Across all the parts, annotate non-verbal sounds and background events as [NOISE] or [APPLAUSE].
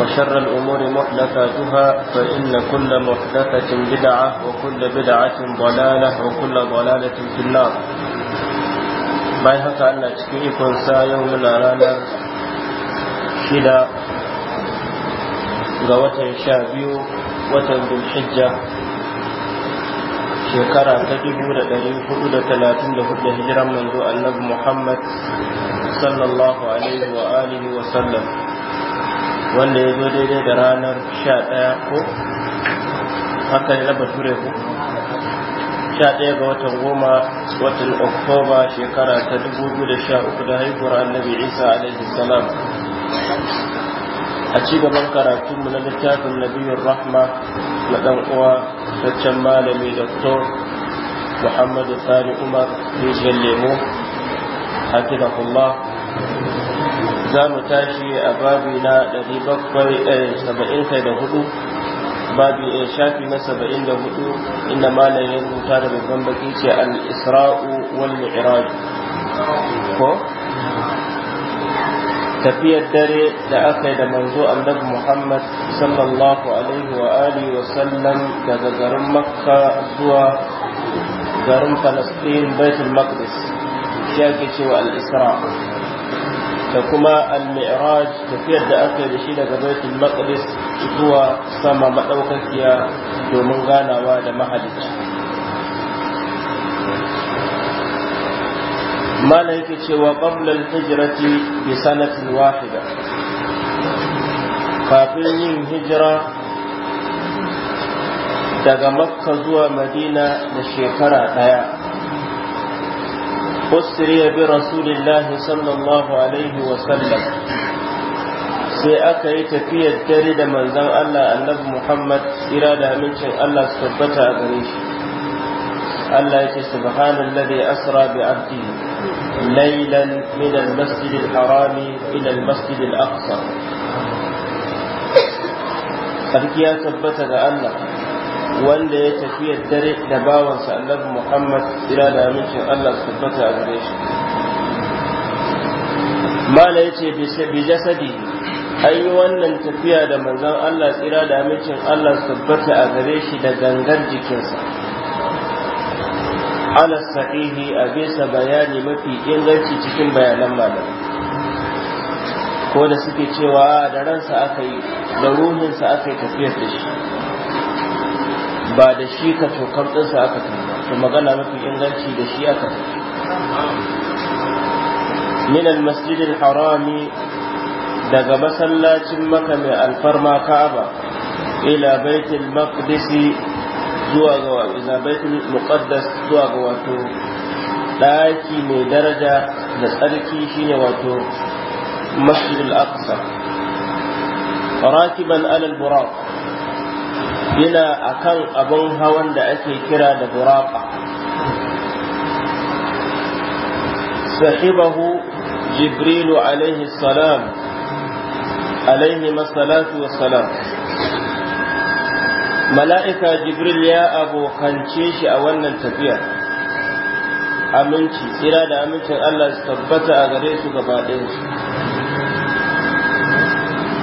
وشر الأمور محدثاتها فإن كل محدثة بدعة وكل بدعة ضلالة وكل ضلالة في النار ما يحق أن أتكيكم سا يوم رانا شدا غوة شابيو watan bulhijja shekara ta dubu da ɗari hudu da talatin da hudu hijiran manzo annabi muhammad sallallahu alaihi wa sallam wanda ya zo daidai da ranar 11 ko haka ne na bature ko 11 ga watan goma watan oktoba shekara ta 2013 da haihuwar annabi isa alaihi salam a ci gaban karatunmu na littafin nabiyar rahma na dan uwa taccen malami doktor muhammadu sani umar rijiyar lemo hatinakullah za mu tashi a babi na 774 eh, babi eh, shafi na 74 inda malam ya rubuta da babban baki ce al-isra'u wal mi'raj ko tafiyar dare da aka yi da manzo annabi Muhammad sallallahu alaihi wa alihi wa sallam daga garin Makka zuwa garin Palestine Baitul Maqdis ya ke cewa al-Isra' da kuma al-mi'raj tafiyar da aka yi da shi daga baitul maqdis zuwa sama madaukakiya domin ganawa da mahalicci mana yake cewa qabla al-hijrati bi sanatin wahida kafin yin hijira daga makka zuwa madina da shekara daya أسري برسول الله صلى الله عليه وسلم sai aka yi tafiyar dare da manzon Allah annabi Muhammad ira da amincin Allah su tabbata a gare shi Allah yake subhanallazi asra bi abdihi laylan min al-masjid al-haram ila al-masjid al-aqsa sarki ya tabbata ga Allah wanda ya tafi dare da bawansa annabi Muhammad ila da amincin Allah su tabbata a gare shi mala yace bi jasadi an yi wannan tafiya da manzon Allah tsira da amincin Allah su tabbata a gare shi da gangar jikinsa ala sahihi a bisa bayani mafi inganci cikin bayanan malamai ko da suke cewa da ransa aka yi da ruhinsa aka yi tafiyar da shi ba da shi ka cokar ɗinsa aka kai ba magana mafi inganci da shi aka kai min al-masjid al-harami daga masallacin maka mai alfarma ka'aba ila baitul maqdis zuwa ga ila baitul muqaddas zuwa ga wato daki mai daraja da tsarki shine wato masjid al-aqsa rakiban ala yana akan abin hawan da ake kira da buraka sahibahu jibrilu alaihi salam alaihi masalatu wassalam mala'ika jibril ya abokance shi a wannan tafiyar aminci tsira da amincin Allah su tabbata a gare su gaba ɗaya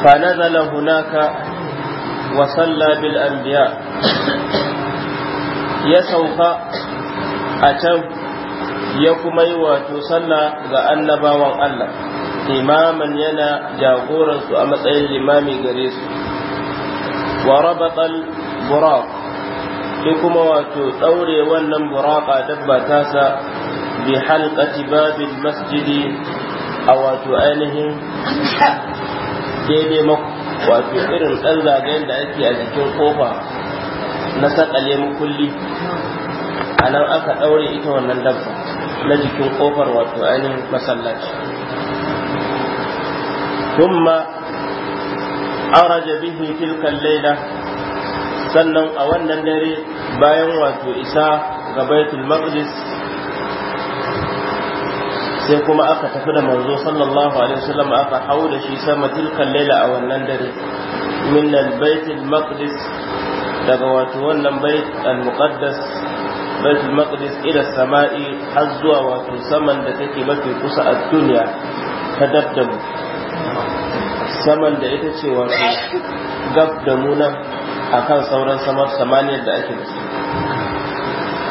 fa nazala hunaka وصلى بالأنبياء يسوف أتو يكما يواتوصلى غأنبا وان الله إماما ينا جاغورا سؤمت أي الإمام قريس وربط البراق يكما واتوصوري ونم براقا دبا تاسا بحلقة باب المسجد أو أتو أينهم daidai wato irin ɗan zagayen da ake a jikin kofa na sakale kulli a nan aka ɗaure ita wannan dabba na jikin kofar wato ainihin masallaci kuma araja bihi tilka laila sannan a wannan dare bayan wato isa ga baitul maqdis sai kuma aka tafi da manzo sallallahu alaihi wasallam aka hau da shi sama tilkan laila a wannan dare min al-bait maqdis daga wato wannan bait al-muqaddas bait al-maqdis ila sama'i har zuwa wato saman da take mafi kusa a duniya ta dabdamu saman da ita ce wato gab da mu nan akan sauran samar samaniyar da ake da su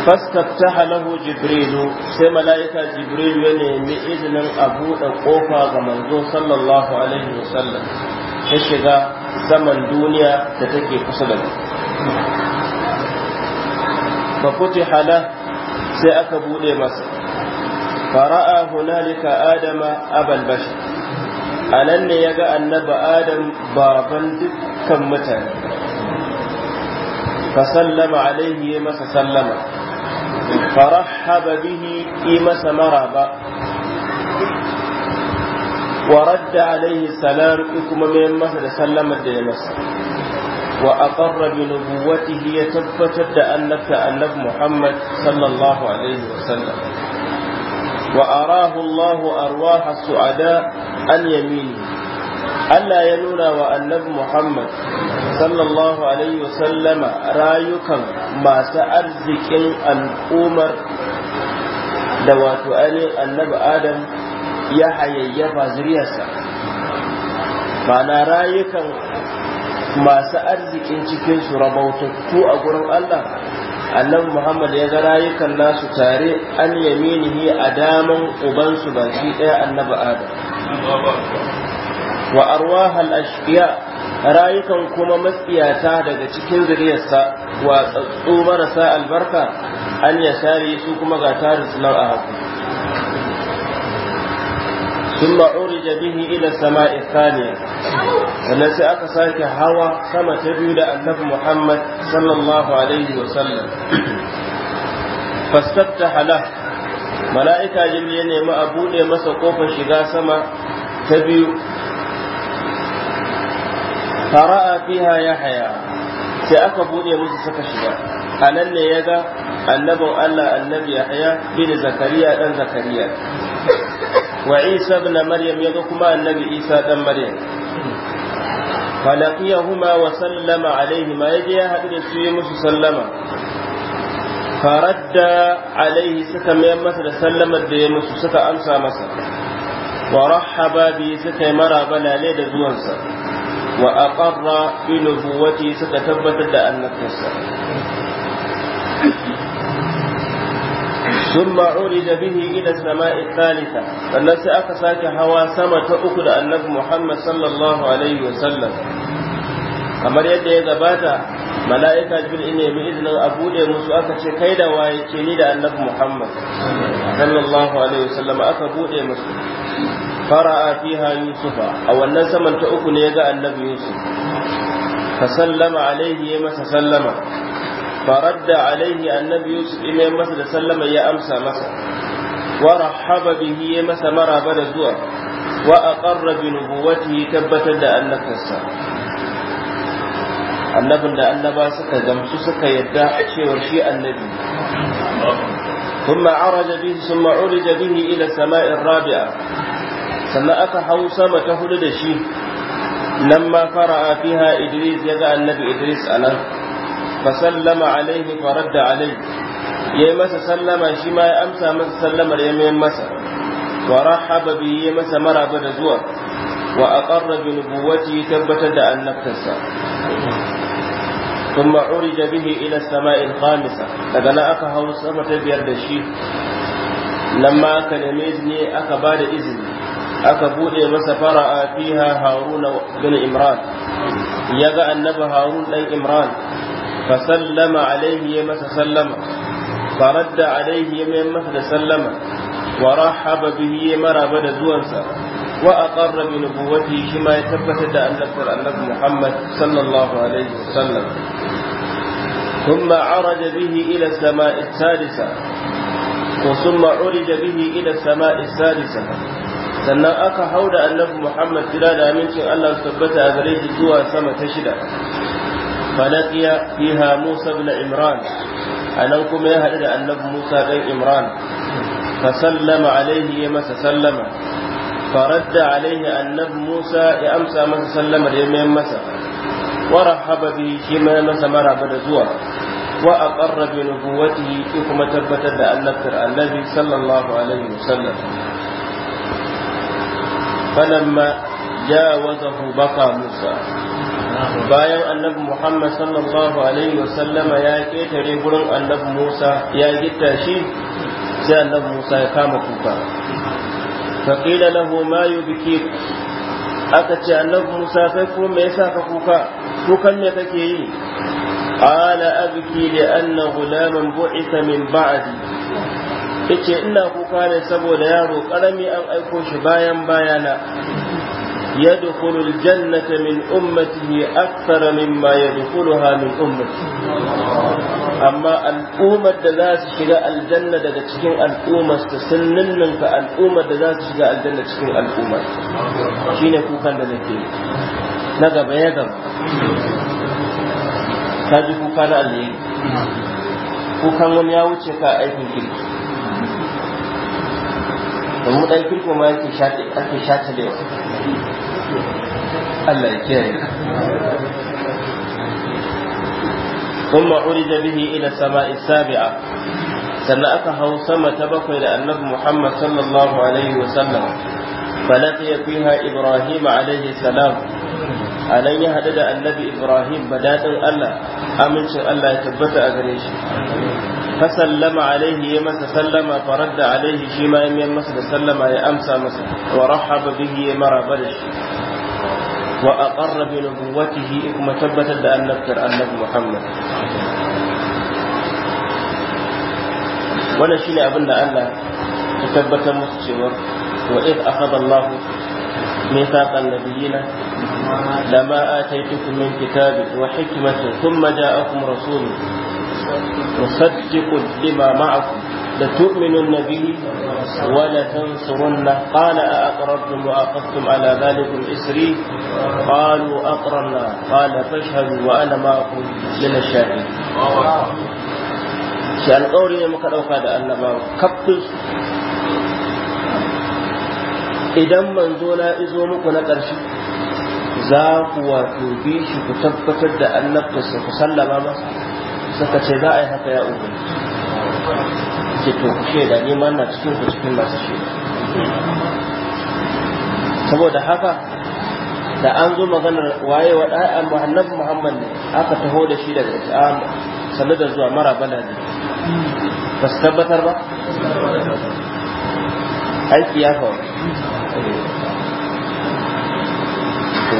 fastaftaha lahu jibrilu sai mala'ika jibrilu ya nemi izinin abu da ƙofa ga manzo sallallahu alaihi wasallam ya shiga saman duniya da take kusa da mu fa futiha sai aka buɗe masa fara'a hunalika adama abal bashar a ne ya ga annaba adam baban dukkan mutane fa sallama alaihi ya masa sallama فرحب به إيمس مرابا ورد عليه السلام إكما من المسجد سلم الدنس وأقر بنبوته يتبتد أنك أنك محمد صلى الله عليه وسلم وأراه الله أرواح السعداء عن يمينه ألا ينونا وأنك محمد sallallahu alaihi wasallama rayukan masu arzikin al'ummar da wato ainihin annabi adam ya hayayyafa zuriyarsa mana rayukan masu arzikin cikinsu rabautattu a gurin allah annabi muhammad ya ga rayukan nasu tare an yaminihi a daman ubansu ba shi ɗaya annabi adam wa arwahal ashkiya rayukan kuma matsiyata daga cikin zuriyarsa watsatsu marasa albarka an ya sare su kuma ga tarin sunan a haku sun ma'uri da bihi ila sama ithaniya sannan sai aka sake hawa sama ta biyu da annabi muhammad sallallahu alaihi sallam fastafta halah mala'ika jimli ya nemi a buɗe masa kofar shiga sama ta biyu fara'a fiha haya sai aka bude musu suka shiga anan ne ya ga annabin Allah annabi yahya bin zakariya dan zakariya wa isa maryam ya ga kuma annabi isa dan maryam falaqiyahuma wa sallama alaihima yaje ya haɗu da su yi musu sallama faradda alaihi suka mayar masa da sallamar da ya musu suka amsa masa wa rahaba bi suka yi maraba lale da zuwansa wa aqarra bi nubuwati suka tabbatar da annabtarsa ثم عرج به إلى السماء الثالثة فالناس sama هوا سما تأكد أنه محمد صلى الله عليه وسلم kamar yadda ya gabata mala'ika jibril ne mai izinin a buɗe musu aka ce kai da waye ce ni da annabi muhammad sallallahu alaihi aka musu fara'a fiha yusufa a wannan saman ta uku ne ya ga annabi yusuf fa sallama alaihi ya masa sallama faradda alaihi annabi yusuf ina ya masa da sallama ya amsa masa wa rahaba bihi ya masa maraba da zuwa wa aqarra bi nubuwwatihi tabbatar da annabinsa annabin da annaba suka gamsu suka yadda cewar shi annabi ثم عرج به ثم عرج به إلى السماء الرابعة sannan aka hau sama ta hudu da shi nan ma fara a fiha idris ya ga annabi idris a nan fa sallama alaihi faradda alaihi ya yi masa sallama shi ma ya amsa masa sallamar ya mayan masa wa rahaba bi ya masa maraba da zuwa wa aqarra bi nubuwwati tabbatar da annabtarsa ثم عرج به إلى السماء الخامسة فقال أكا هو السماء تبير دشي لما أكا نميزني أكا بعد izini. aka bude masa fara'a fiha haruna bin imran yaga ga annabi harun dan imran fa sallama alaihi ya masa sallama fa radda alaihi ya mai masa da sallama wa rahaba bihi ya maraba da zuwansa wa aqarra bi nubuwwati shi ma ya tabbatar da annabtar annabi muhammad sallallahu alaihi wasallam ثم عرج به إلى السماء السادسة وثم عرج به إلى السماء السادسة sannan aka hau da annabi muhammad jira da amincin allah su tabbata a gare shi zuwa sama ta shida falaqiya fiha musa ibn imran nan kuma ya haɗu da annabi musa ɗan imran fa sallama alaihi ya masa sallama فرد ya النبي موسى يا أمسى مسا سلم اليمين مسا ورحب به شما مسا مرحبا زوا وأقر بنبوته كما تبت النبي صلى الله عليه وسلم falamma jawazahu baka musa bayan annabi muhammad sallallahu alaihi wasallama ya ketare gurin annabi musa ya gitta shi sai annabi musa ya kama kuka faƙila lahu ma yubki aka ce annabi musa kai ko me yasa ka kuka kukan me kake yi ala abki li anna ghulaman bu'itha min ba'di yace ina kuka ne saboda yaro karami an aiko shi bayan bayana ya dukulu jannata min ummatihi akthar mimma yadkhuluha min ummati amma al'ummar da za su shiga aljanna daga cikin al'ummar su sun nunnunka al'ummar da za su shiga aljanna cikin al'ummar shine kukan da nake yi na gaba ya gaba ka ji kuka na aljanna kukan wani ya wuce ka aikin kirki da mu dan kirko ma yake shafe ake shafe da Allah ya kiyaye ثم عرج به إلى السماء bakwai da هوسمة Muhammad sallallahu alaihi wa sallam, الله ya وسلم فلقي فيها إبراهيم عليه السلام anan ya haɗu da annabi ibrahim daɗin allah amincin allah ya tabbata a gare shi فسلم عليه يمس سلم فرد عليه شيما يمس سلم يا أمسى مس ورحب به مرى برش وأقر بنبوته كما ثبت أن نبتر أنه محمد wannan shine abin da Allah ya tabbatar musu cewa wa id akhadha Allah mithaqan nabiyina lama ataytukum min kitabi wa hikmatin thumma ja'akum تصدق لما معكم لتؤمنن به ولتنصرنه قال أأقررتم وأخذتم على ذلكم إسري قالوا أقررنا قال فاشهدوا وأنا معكم من الشاهدين shi alƙawari ne muka ɗauka da annabawa kaftus idan manzo na izo muku na ƙarshe za ku wato bi shi ku tabbatar da annabtarsa ku sallama masa suka ce za a yi haka ya ubangiji ce to ku shaida neman na cikin ku cikin masu shaida saboda haka da an zo maganar waye wa ɗaya annabi muhammad ne aka taho da shi daga islam sannu da zuwa mara bala ne ba su tabbatar ba aiki ya faru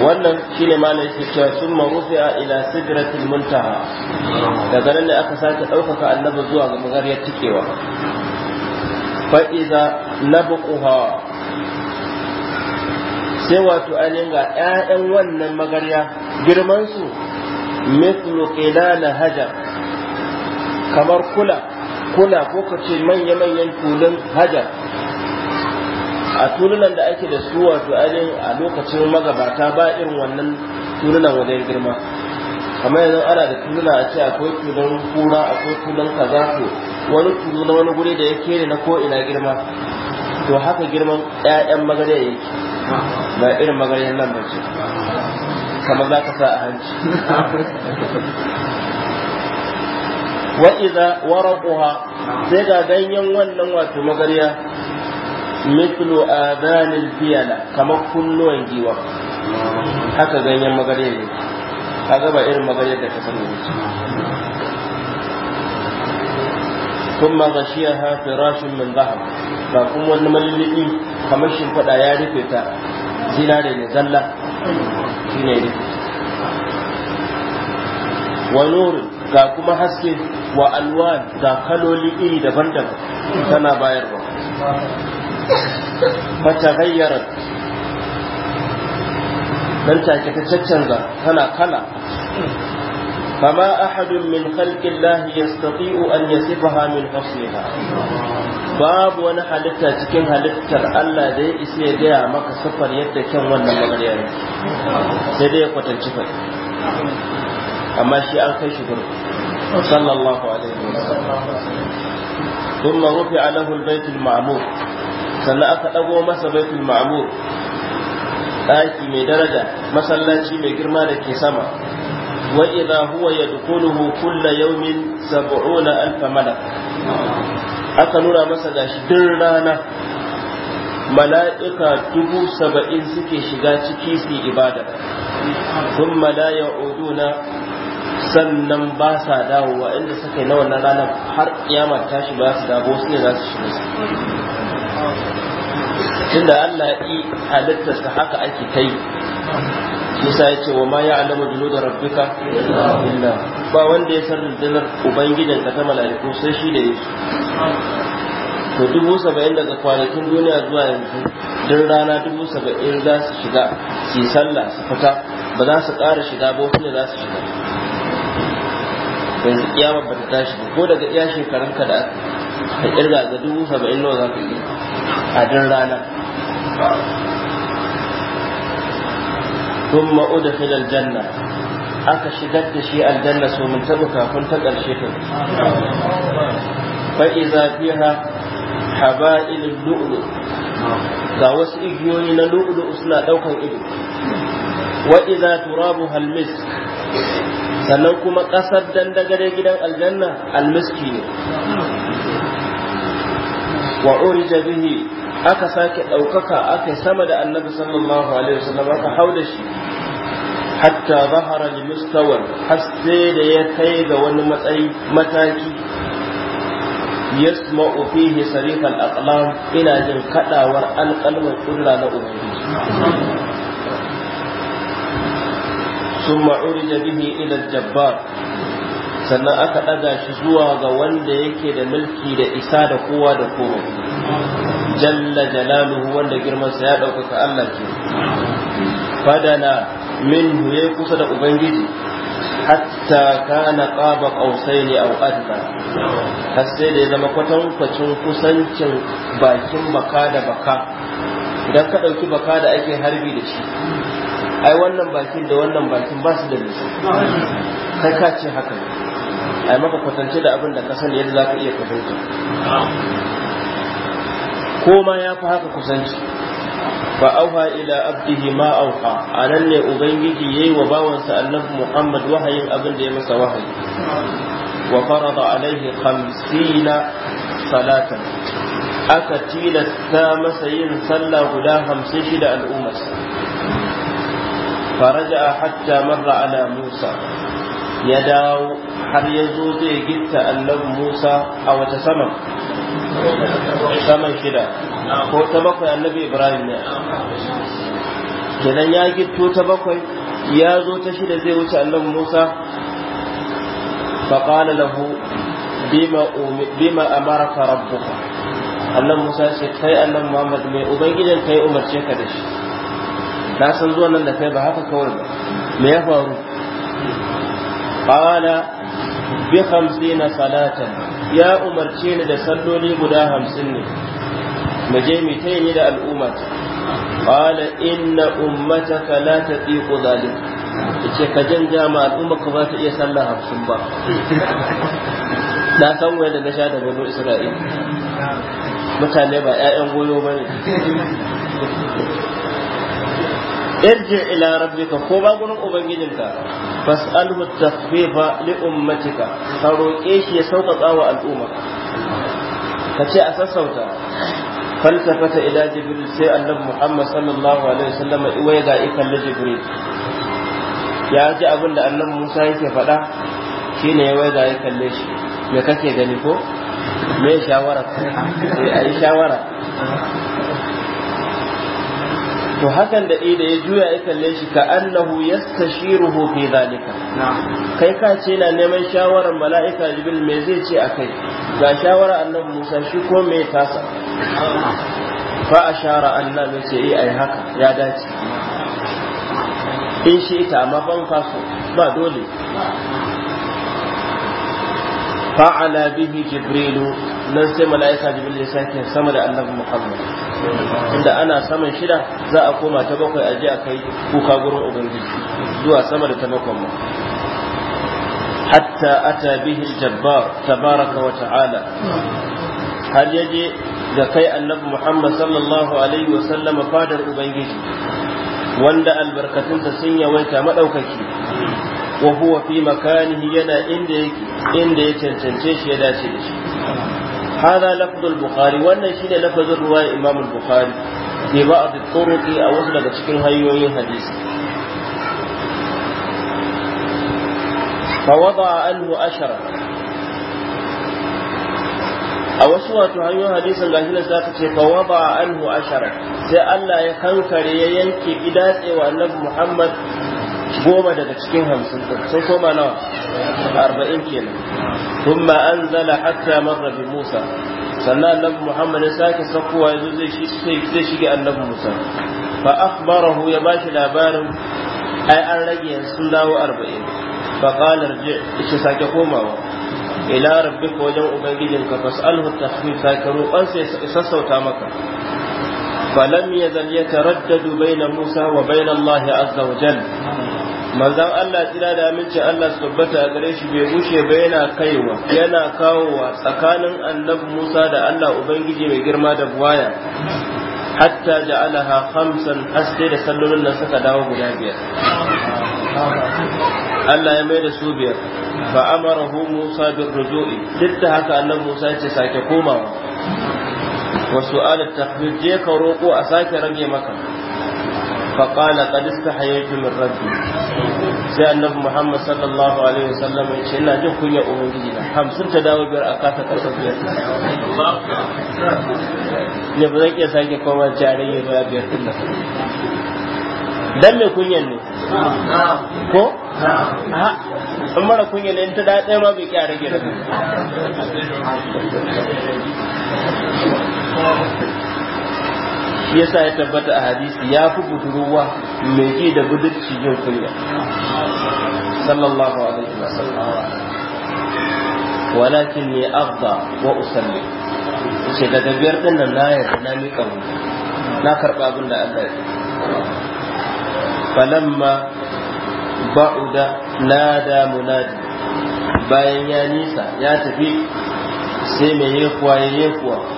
wannan shine ma yake cewa sun a ila sidratil muntaha daga nan ne aka sake ɗaukaka annabi zuwa ga magariyar tikewa na na bukuha sai wato ainihin ga 'ya'yan wannan magarya girmansu su mithlu qilala hajar kamar kula kula ko ce manya-manyan tulun hajar a tulunan da ake da su wato ainihin a lokacin magabata ba irin wannan tulunan wajen girma kamar yanzu ana da tuluna a ce akwai tulun kura akwai tulun kaza ko wani tulu na wani guri da ya kere na ko ina girma to haka girman 'ya'yan magare yi ba irin magare nan ba ce kamar za ka sa a hanci wa iza waraquha sai ga ganyen wannan wato magariya a adanil biyala kamar kunnuwan giwa haka ganyen magarya ne kaga ba irin magarya da ka sani ne ثم غشيها فراش من ذهب ba kuma wani malili'i kamar shimfiɗa ya rufe ta zinare ne zalla shi ne rufe wa nurin ga kuma haske wa alwan ga kaloli iri daban-daban tana bayarwa fatagayyarar dan take ta caccanza tana kala فما أحد من خلق الله يستطيع أن يصفها من حسنها babu wani halitta cikin halittar Allah da ya isa ya gaya maka safar yadda kyan wannan magariyar sai dai ya kwatanci fa amma shi an kai shi gurin sallallahu alaihi wasallam thumma rufi'a lahu al sannan aka ɗago masa baitul ma'mur ɗaki mai daraja masallaci mai girma da ke sama wa idza huwa yadkhuluhu kulla yawmin 70 alf malak aka nuna masa gashi din rana mala'ika dubu saba'in suke shiga ciki su ibada sun malaya oduna sannan ba sa dawowa inda suka yi na wannan ranar har kiyama tashi ba su dawo su ne za su shiga tunda Allah yi halittarsa haka ake kai Musa ya ce wa ma ya alamu julu da rabbika illa ba wanda ya san rundunar ubangijin ka ta mala'iku sai shi da yesu to dubu saba'in daga kwanakin duniya zuwa yanzu duk rana dubu saba'in za su shiga su sallah su fita ba za su ƙara shiga ba wani za su shiga yanzu kiyama ba ta tashi ko daga iya shekarun ka da ka kirga ga dubu saba'in nawa za ka iya a din rana Tun أدخل الجنة aka shigar da shi aljanna so mun taɓa kafin ta ƙarshe ta fa'iza fiha haba'ilin lu'ulu ga wasu igiyoyi na lu'ulu suna ɗaukan ido wa'iza turabu halmis sannan kuma ƙasar dandagare gidan aljanna almiski ne wa urija bihi aka sake ɗaukaka aka sama da annabi sallallahu alaihi wasallam aka hauda shi hatta zahara li mustawan har sai da ya kai ga wani matsayi mataki yasma'u fihi sarihal aqlam ina jin kadawar alqalmin kulla na ubangiji ثم عرج به إلى jabbar sannan aka ɗaga shi zuwa ga wanda yake da mulki da isa da kowa da kowa jalla jalaluhu wanda girmansa ya ɗaukaka Allah ke fadana min ya kusa da ubangiji hatta kana qaba qausaini aw adda har sai da ya zama kwacin kusancin bakin baka da baka idan ka ɗauki baka da ake harbi da shi ai wannan bakin da wannan bakin ba su da nisa kai ka ce haka a yi maka kwatance da abin da ka sani yadda za ka iya kwatanta ko ma ya fi haka kusanci fa auha ila abdihi ma auha a nan ne ubangiji yayi wa bawansa annabi muhammad wahayin abin da ya masa wahayi wa farada alaihi khamsina salatan aka tilasta masa yin sallah guda hamsin shida al'ummas faraja hatta marra ala musa ya dawo har ya zo zai gitta annabi musa a wata saman saman shida ko ta bakwai annabi ibrahim ne kenan ya gitto ta bakwai ya zo ta shida zai wuce annabi musa faƙala lahu bima amaraka rabbuka annabi musa ce kai annabi muhammad mai ubangijin kai umarce ka da shi na san zuwa nan da kai ba haka kawai ba me ya faru قال بخمسين صلاة salatan ya umarce ni da salloli guda 50 ne mu je mu tayi ni da al'umma qala inna ka jan jama al'umma ku ba ta iya sallah hamsin ba na san na sha da bano isra'ila mutane ba 'ya'yan goyo ba irji ila rabbika ko ba gurin ubangijinka fas'alhu takhfifa li ummatika ka roƙe shi ya sauƙaƙa wa al'umma kace a sassauta falsafata ila jibril sai annabi muhammad sallallahu alaihi wasallam iwaye ga ikan la jibril ya ji abin da annabi musa yake faɗa shine ya waiga ya kalle shi me kake gani ko me shawara sai yi shawara to hakan da da ya juya ya kalle shi ka annahu yastashiruhu fi zalika kai ka ce na neman shawarar mala'ika jibril me zai ce a kai ga shawarar annabi musa shi ko me tasa fa ashara annabi ce eh ai haka ya dace in shi ita amma ban faso ba dole fa'ala bihi jibrilu nan sai mala'ika jibril ya sake sama da annabi muhammad inda ana saman shida za a koma ta bakwai a ji a kai kuka gurin ubangiji zuwa sama da ta bakwai mu hatta ata bihi jabbar tabaraka wa ta'ala har yaje ga kai annabi muhammad sallallahu alaihi wa sallama fadar ubangiji wanda albarkatun ta sun yawaita madaukaki wa huwa fi makanihi yana inda yake inda ya cancance shi ya dace da shi hada lafzul bukhari wannan shine lafazin ruwayar imam bukhari bi ba'd turuqi a wasu daga cikin hanyoyin hadisi fa wada'a anhu ashara a wasu wato hanyoyin hadisin gashi da ce fa a anhu ashara sai Allah ya kankare ya yanke idatsewa annabi Muhammad goma daga cikin hamsin sun koma nawa arba'in kenan thumma anzala hatta marra musa sannan annabi muhammad ya sake sakowa yazo zai shiga zai shige annabi musa fa akhbarahu ya bashi labarin ai an rage yanzu dawo arba'in fa qala rji sake komawa ila rabbika wajen ubangijinka fasalhu tahfif sai ka roƙon sai sassauta maka falam yazal dubai na Musa wa baina Allah azza manzan Allah tsira da aminci Allah su tabbata a gare shi bai bushe ba yana kaiwa yana kawowa tsakanin annabi Musa da Allah ubangiji mai girma da buwaya hatta ja'alaha khamsan haske da sallolin nan suka dawo guda biyar Allah ya mai da su biyar fa amarahu Musa bin ruju'i duk da haka annabi Musa ya ce sake komawa wa su'al at-tahmid je ka roko a sake rage maka fa qala qad istahayaytu min rabbi sai annabi muhammad sallallahu alaihi wasallam ya ce ina jin kunya ubangiji na hamsin ta dawo biyar a kasa ƙasa biyar ne ba zan iya sake koma jariyar ruwa biyar din dan mai kunyan ne ko in mara kunya ne ta daɗe ma bai kyara gida shi yasa ya tabbata a hadisi ya fi budurwa mai ji da budurci jin kunya sallallahu alaihi wa alaihi walakin ya abba wa usalli ce daga biyar din nan na yarda na miƙa na karɓa abin da Allah ya falamma ba'uda nada munadi bayan ya nisa ya tafi sai mai yekuwa ya yekuwa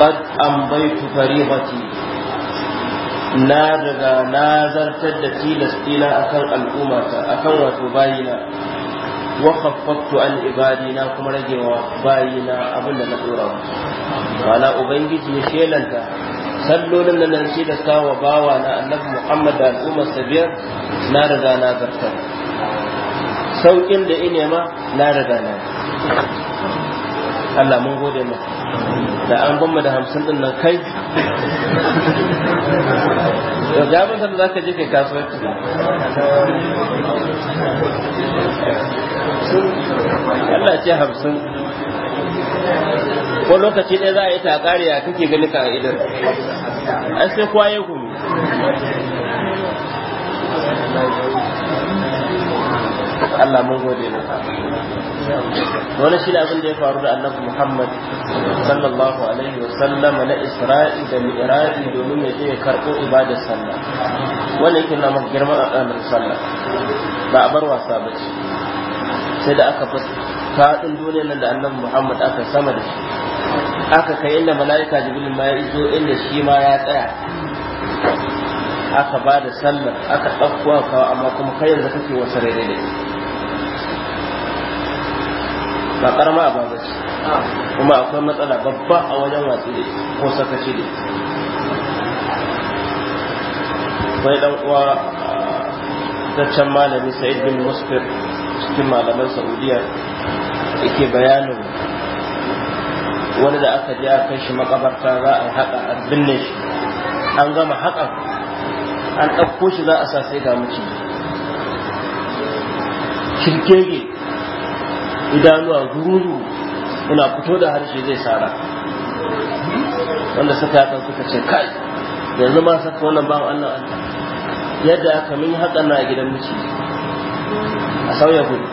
قد أمضيت فريضتي na daga na zartar da tilastina akan al'ummata akan wato bayina wa khaffaftu an ibadina kuma ragewa bayina abin da na dora musu ma'ana ubangiji ya shelanta sallolin da nan ce da sawa bawa na annabi muhammad da al'ummar sabiyar na daga na zartar da ine ma na daga na Allah mun gode ma. da an bamba da hamsin din nan kai da jamin da za ka je kai kasuwanci Allah ce hamsin ko lokaci ɗaya za a yi takariya kake gani ka idan an sai kwaye gumi Allah mun gode maka wani shi abin da ya faru da annabi muhammad sallallahu alaihi wa sallama na isra'i da mi'raji domin ya je ya karɓo ibadar sallah wannan yake na maka girman al'amar sallah ba a bar wasa ba ce sai da aka fasa faɗin duniyar nan da annabi muhammad aka sama da shi aka kai inda mala'ika jibilin ma ya iso inda shi ma ya tsaya aka ba da sallar aka ɗauko kawo amma kuma kai yanzu kake wasu daidai ba karama a babu ce kuma akwai matsala babba a wajen watsi ne ko sakaci ne. akwai dan uwa zaccen malami sa'id bin musfir cikin malaman saudiya yake bayanin wani da aka ji a kai shi makabarta za a haka a binne shi an gama haka an ɗauko shi za a sa sai ga maciji shirkege idanuwa gururu suna fito da harshe zai sara wanda suka yakan suka ce kai yanzu ma saka wannan bawan Allah Allah yadda aka min haka na gidan miki a sauya gudu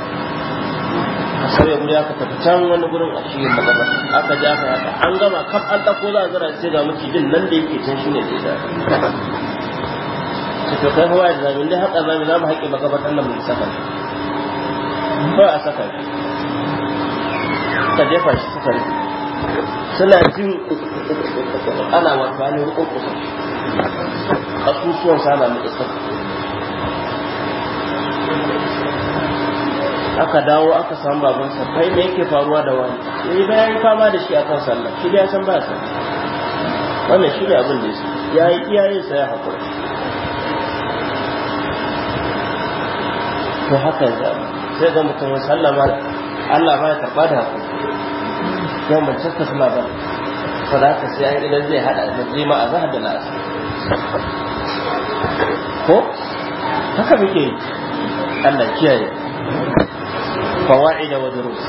a sauya gudu aka tafi can wani gurin a shi yin aka ji aka yaka an gama kaf an ɗauko za a zara sai ga miki din nan da yake can shi ne zai zara su to kai hawa da zamin dai haka zamin za mu haƙe makabatar nan mu saka ba a saka suka jefa shi suka rufe suna jin ana wato ne rukun kusa asusuwan sana na isa aka dawo aka samu babban kai me yake faruwa da wani yi bayan fama da shi akan sallah shi da ya san ba sallah wannan shi ne abin da ya yi iyayen sa ya haƙura to haka ya sai ga mutum sallama Allah ba ya karɓa da haƙura. don mace ta suna ba sadaka sai an idan zai hada da jima a zahar da na'asa ko haka muke yi Allah kiyaye fawa'ida wa durus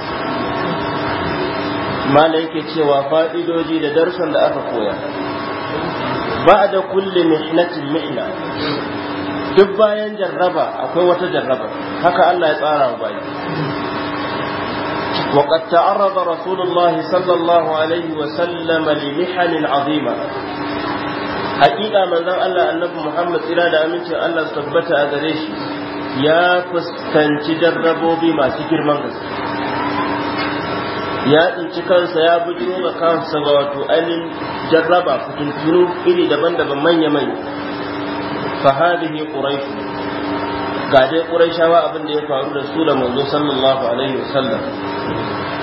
mala yake cewa fa'idoji da darsun da aka koya ba da kulle mihnatin mihna duk bayan jarraba akwai wata jarraba haka Allah ya tsara wa bayi وقد تعرض رسول الله صلى الله عليه وسلم لمحن عظيمة حقيقة من ذا الله النبي محمد إلى دعمته الله ثبت أدريش يا فستنتي جربوا بما سكر من ya tsinci kansa ya bujiro ga kansa ga wato ainihin jarraba fitintunu iri daban-daban manya-manya fa hadhihi quraish ga dai qurayshawa abin da ya faru da su da manzo sallallahu alaihi wasallam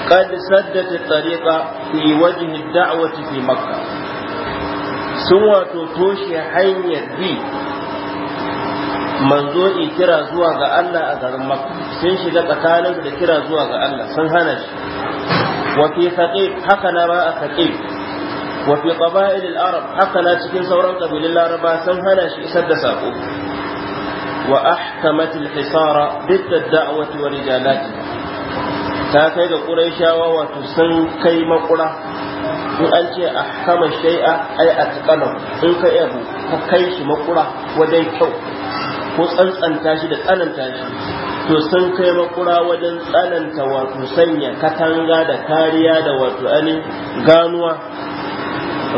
qad saddat at-tariqa fi wajhi ad-da'wati fi makkah sun wato toshe hanyar bi manzo i kira zuwa ga Allah a garin Makka sun shiga tsakanin da kira zuwa ga Allah sun hana shi wa fi saqib haka na ba a saqib wa fi qaba'il al-arab haka na cikin sauran kabilan Laraba sun hana shi isar da sako وأحكمت الحصار ضد الدعوة ورجالاتها ta kai ga ƙuraishawa wato sun kai makura in ce a kama shai'a ai a in ka abu ka kai shi makura wajen kyau ko tsantsanta shi da tsananta shi to sun kai makura wajen tsananta wato sanya katanga da kariya da wato anin ganuwa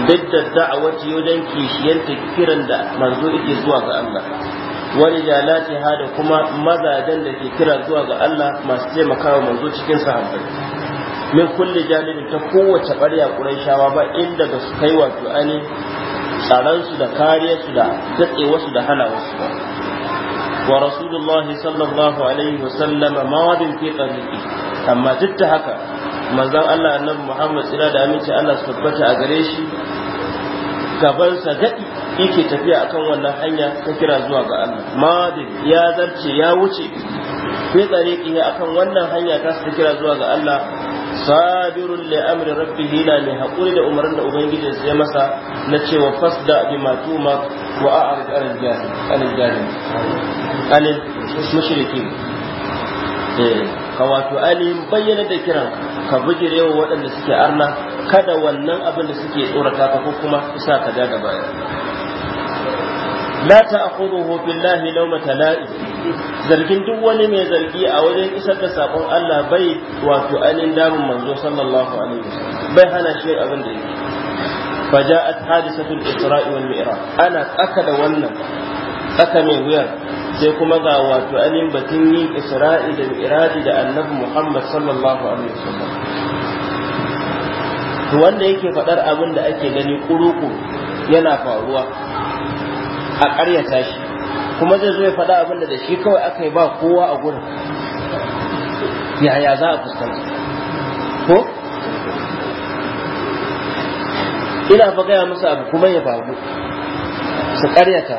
duk da da'awaci wajen kishiyanta kiran da manzo yake zuwa ga Allah wani jalati ha da kuma mazajen da ke kira zuwa ga Allah masu taimakawa manzo cikin sahabbai min kulli janibin ta kowace ɓarya ƙurayshawa ba inda ba su kai wato ani tsaransu da su da tatsewasu da wasu ba wa rasulullahi sallallahu alaihi wa sallama mawadin fi tariqi amma duk da haka manzon Allah annabi Muhammad Sina da aminci Allah su tabbata a gare shi gabansa daɗi yake tafiya akan wannan hanya ta kira zuwa ga Allah madin ya zarce ya wuce tsare tsariƙi akan wannan hanya ta ta kira zuwa ga Allah sabirun li amri rabbih la ni haquri da umarnin da ubangiji sai masa na cewa fasda bi ma. wa a'rid al jahil al jahil anil mushrikin eh ka Ali bayyana da kiran ka bujirewa waɗanda suke arna kada wannan abin da suke tsorata ka ko kuma sa ka da baya la ta'khuduhu billahi lawma Tala'i. zargin duk wani mai zargi a wajen isar da sakon Allah bai wato ainihin damun manzo sallallahu alaihi wasallam bai hana shi abin da yake فجاءت حادثة الإسراء ana أنا wannan ونم mai wuyar sai kuma ga wato anin batun yin isra'i da mi'raji da annabi Muhammad sallallahu alaihi wasallam to wanda yake faɗar abin da ake gani kuruku yana faruwa a ƙaryata shi kuma zai zo ya faɗa abin da shi kawai aka yi ba kowa a gurin yaya za a fuskanta ko ina fa gaya musu abu kuma ya babu su ƙaryata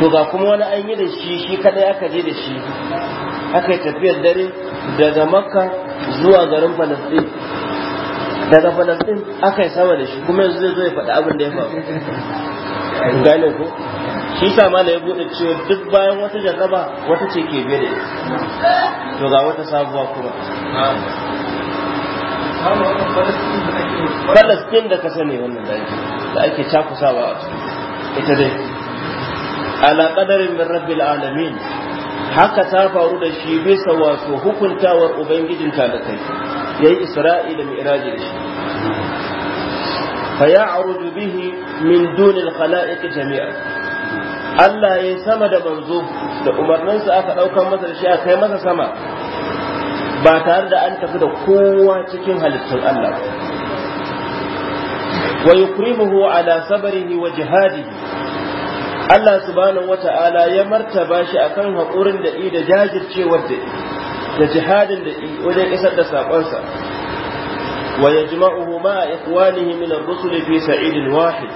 to ga kuma wani an yi da shi shi kadai aka je da shi aka yi tafiyar dare daga makka zuwa garin falastin daga falastin aka yi sama da shi kuma yanzu zai zo ya faɗi abin da ya faru gane ko shi sa da ya buɗe cewa duk bayan wata jarraba wata ce ke biye da ita to ga wata sabuwa kuma falastin da ka sani wannan da ake da ake cakusawa a cikin ita dai ala qadarin min rabbil alamin haka ta faru da shi bisa wato hukuntawar ubangijin ya yi isra'i da mi'raji da shi fa ya'rudu bihi min dunil khalaiq jami'a Allah ya sama da manzo da umarninsa aka ɗaukar masa da shi a kai masa sama ba tare da an tafi da kowa cikin halittun Allah wa yukrimuhu ala sabarihi wa jihadihi Allah subhanahu wata'ala ya martaba shi akan haƙurin da i da jajircewar da da jihadin da i wajen isar da saƙonsa wa yajma'uhu ma ikhwanihi min ar-rusul fi sa'idin wahid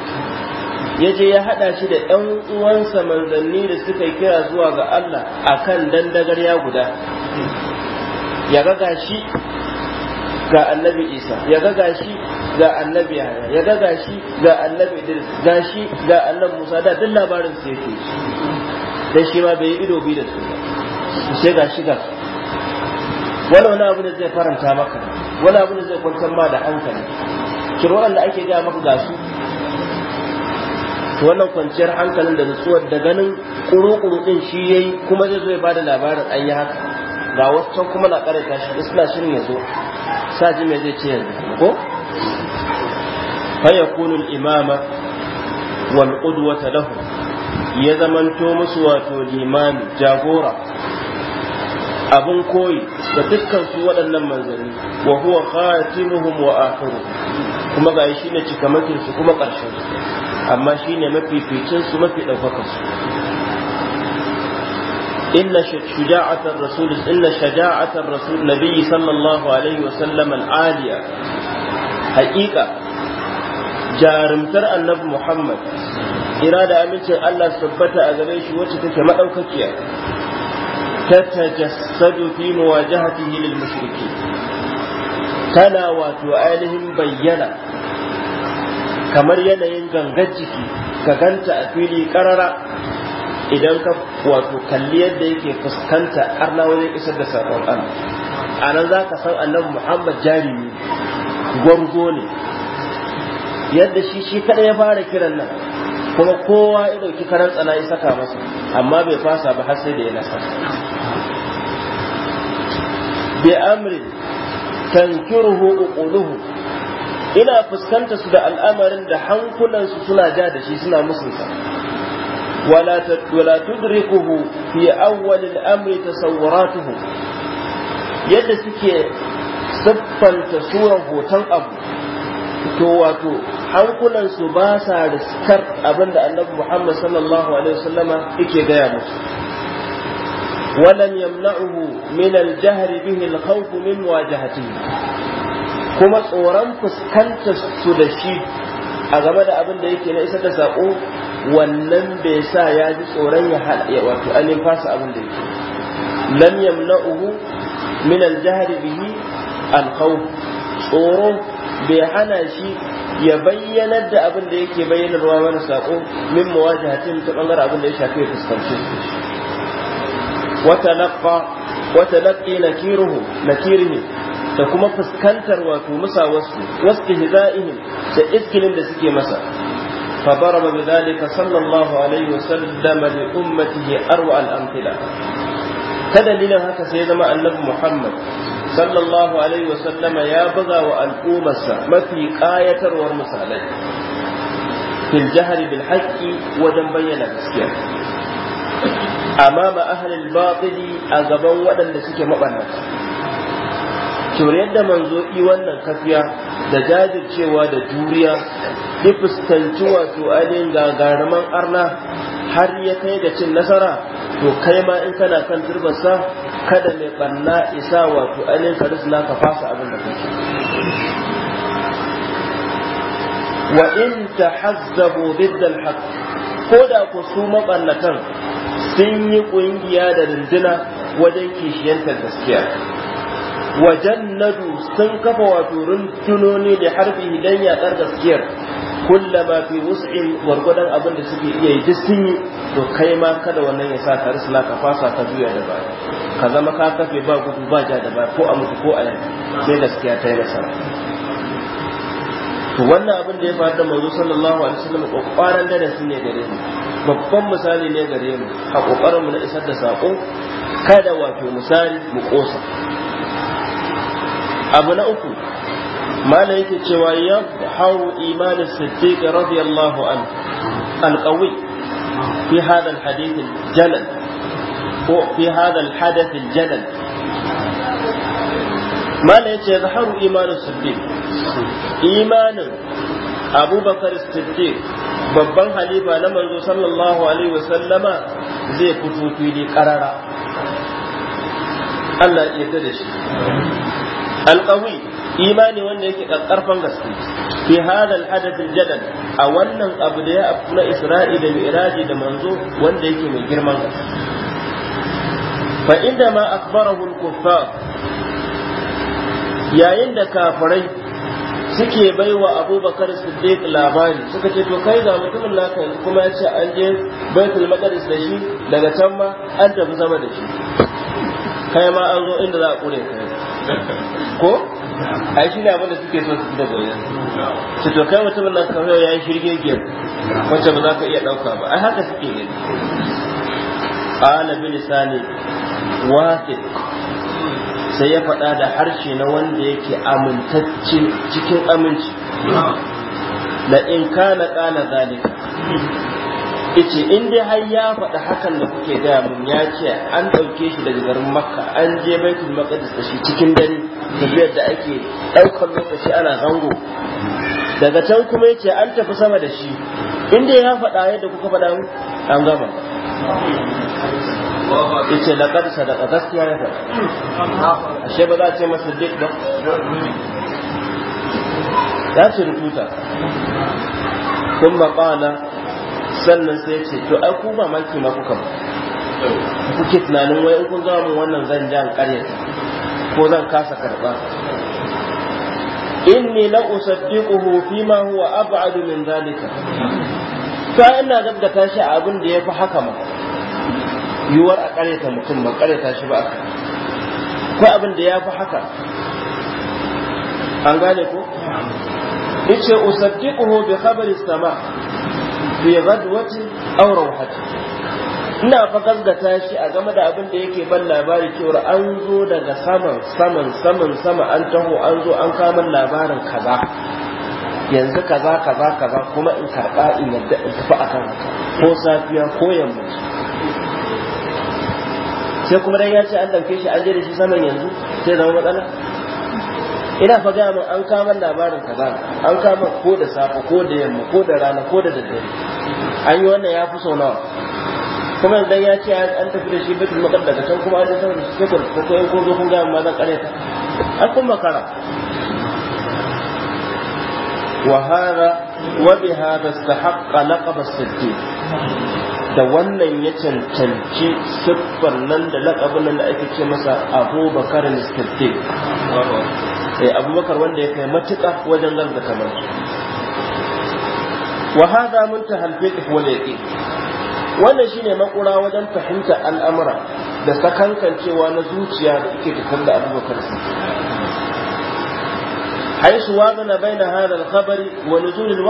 yaje ya hada shi da ɗan uwansa manzanni da suka kira zuwa ga Allah akan dandagarya guda ya ga gashi ga annabi Isa ya ga gashi ga annabi ya ga gashi ga annabi idris gashi ga annabi musa da duk labarin su yake da shi ma bai yi ido bi da su sai ga shi ga wala wani abu da zai faranta maka wani abu da zai kwantar ma da hankali kiro da ake gaya maka gasu. wannan kwanciyar hankalin da nutsuwar da ganin kuru-kuru din shi yayi kuma zai zo ya bada labarin an yi haka ga wasu kuma na karanta shi suna shirin ya zo sa ji mai zai ce yanzu ko fayakunu al-imama Wal'udu qudwata ya zamanto musu wato limami jagora abun koyi da dukkan su waɗannan manzanni wa huwa khatimuhum a akhiruhum kuma ga shi ne cikamakin su kuma ƙarshen su amma shi ne mafificin su mafi ɗaukakar su inna shaja'atar rasul inna shaja'atar rasul nabiyyi sallallahu alaihi wa sallam al-aliya haqiqa jarumtar annabi Muhammad ira da amincin Allah Tabbata a gare shi wacce take madaukakiya ta tajassadu fi muwajahatihi lil mushriki tana wato ainihin bayyana kamar yanayin gangar jiki ka ganta a fili karara idan ka wato kalli yadda yake fuskanta arna wajen isar da saƙon Allah a nan za ka san annabi Muhammad ne gwargo ne yadda shi shi kadai ya fara kiran nan kuma kowa ya dauki karan tsana ya saka masa amma bai fasa ba har sai da ya nasa bi amri tankiruhu uquluhu ina fuskanta su da al'amarin da hankulansu suna ja da shi suna musu musunsa wala tudrikuhu fi awwalil amri tasawwaratuhu yadda suke siffanta suran hoton abu to wato hankulansu ba sa riskar abinda annabi Muhammad sallallahu alaihi wasallama yake gaya musu walam yamna'uhu min al-jahr bihi al-khawf min wajahatihi kuma tsoron fuskantar su da shi a game da abin da yake na isar da sako wannan bai sa ya ji tsoron ya haɗe wato ainihin fasa abin da yake lam yamna'uhu min al-jahr bihi al-khawf tsoro bai hana shi ya bayyanar da abin da yake bayyanarwa mana sako min muwajahatin ta bangaren abin da ya shafi ya fuskanci watalaqqa watalaqi nakirihi da kuma fuskantar wato musa wasu wasu hizaihim da iskilin da suke masa فضرب بذلك صلى الله عليه وسلم لأمته أروع al'amfila. ta dalilin haka sai zama annabi muhammad sallallahu alaihi wasallama ya buga wa al'ummarsa mafi ƙayatarwar misalai fil jahari bil haqqi wajen bayyana gaskiya amma ba ahlul batili a gaban waɗanda suke mabannata to yadda manzo wannan kafiya da jajircewa da juriya ya fuskanci wato ainihin gagaraman arna har ya kai ga cin nasara to kai ma in kana kan turbarsa kada mai banna isa wato ainihin ka ka fasa abin da kake wa in tahazzabu bidda alhaq ko da ku su mabannatan sun yi ƙungiya da runduna wajen kishiyanta gaskiya wa jannadu sun kafa wato runtunoni da harfi dan yaƙar gaskiyar kullama fi wus'in gwargwadon abin da suke iya yi duk sun yi to kai ma kada wannan ya sa ka risala ka fasa ka juya da baya ka zama ka kafe ba gudu ba ja da baya ko a mutu ko a yanzu sai gaskiya ta yi nasara to wannan abin da ya faru da manzo sallallahu alaihi wasallam kokarin da su ne gare mu babban misali ne gare mu a kokarin mu na isar da sako kada wato misali mu kosa abu na uku malam yake cewa ya haru imanin siddiq radiyallahu an alqawi fi hada alhadith aljalal ko fi hada alhadath aljalal malam yace ya haru imanin siddiq imanin abubakar siddiq babban halifa na manzo sallallahu alaihi wa sallama, zai fito fili karara Allah ya yarda da shi alqawi imani wanda yake karfan gaske fi hadha alhadath jadal a wannan abu da ya afuna isra'i da mi'raji da manzo wanda yake mai girman gaske fa inda ma akbarahu alkuffar yayin da kafirai suke baiwa abubakar siddiq labari suka ce to kai ga mutumin laka kuma ya ce an je baitul maqdis da shi daga can ma an tafi sama da shi kai ma an zo inda za a kure ko ai shi ne abinda suke so su da goyon su to kai mutumin na kamar ya yi shirge gem wacce ba za ka iya ɗauka ba ai haka suke gani qala bi lisani wasiq sai ya faɗa da harshe na wanda yake amintaccen cikin aminci la in kana qala zalika ice in dai har ya faɗi hakan da kuke gaya mun ya ce an ɗauke shi daga garin makka an je baitul maqdis da shi cikin dare tafiyar da ake ɗaukar lokaci ana zango daga can kuma ya ce an tafi sama da shi in dai ya faɗa yadda kuka faɗa an gama ya ce da ƙarsa da gaskiya ya faɗa ashe ba za a ce masa duk ba ya ce rubuta kuma ba na sannan sai ce to ai ku ba maki ma kuka ba. kuke tunanin wai in kun zama mun wannan zan jan ƙarya ko zan kasa karɓa inni la usaddiquhu ma huwa ab'ad min zalika ta ina gaggata tashi a abin da ya fi haka ma Yuwar a ƙaryata mutum ba ƙaryata shi ba Ko abin da ya fi haka an gane ko yace usaddiquhu bi khabari sama bi gadwati aw rawhati ina fa gaskata shi a game da abin da yake ban labari cewa an zo daga saman saman saman sama an taho an zo an kama labarin kaza yanzu kaza kaza kaza kuma in karɓa in yadda in tafi a kan ko safiya ko yamma sai kuma dan ya ce an ɗauke shi an je da shi saman yanzu sai zama matsala ina fa gaya min an kama labarin kaza an kama ko da safe ko da yamma ko da rana ko da daddare an yi wannan ya fi sau nawa kuma dan ya ce an tafi da shi bitul makaddaka can kuma an san shi ko ko ko ko kun ga ma zan kare ta an kun makara wa hada wa bi hada istahaqqa laqab as-siddiq da wannan ya cancanci siffar nan da laqabin nan da ake ce masa abubakar siddiq Eh, abubakar wanda ya kai matuƙa wajen nan kamar su wa hadha muntaha wal yaqin wannan shine makura wajen fahimta al'amura da sakankancewa na zuciya da ke fitar da abubakar haisu wazana baina hadha hada khabari wa nuzul al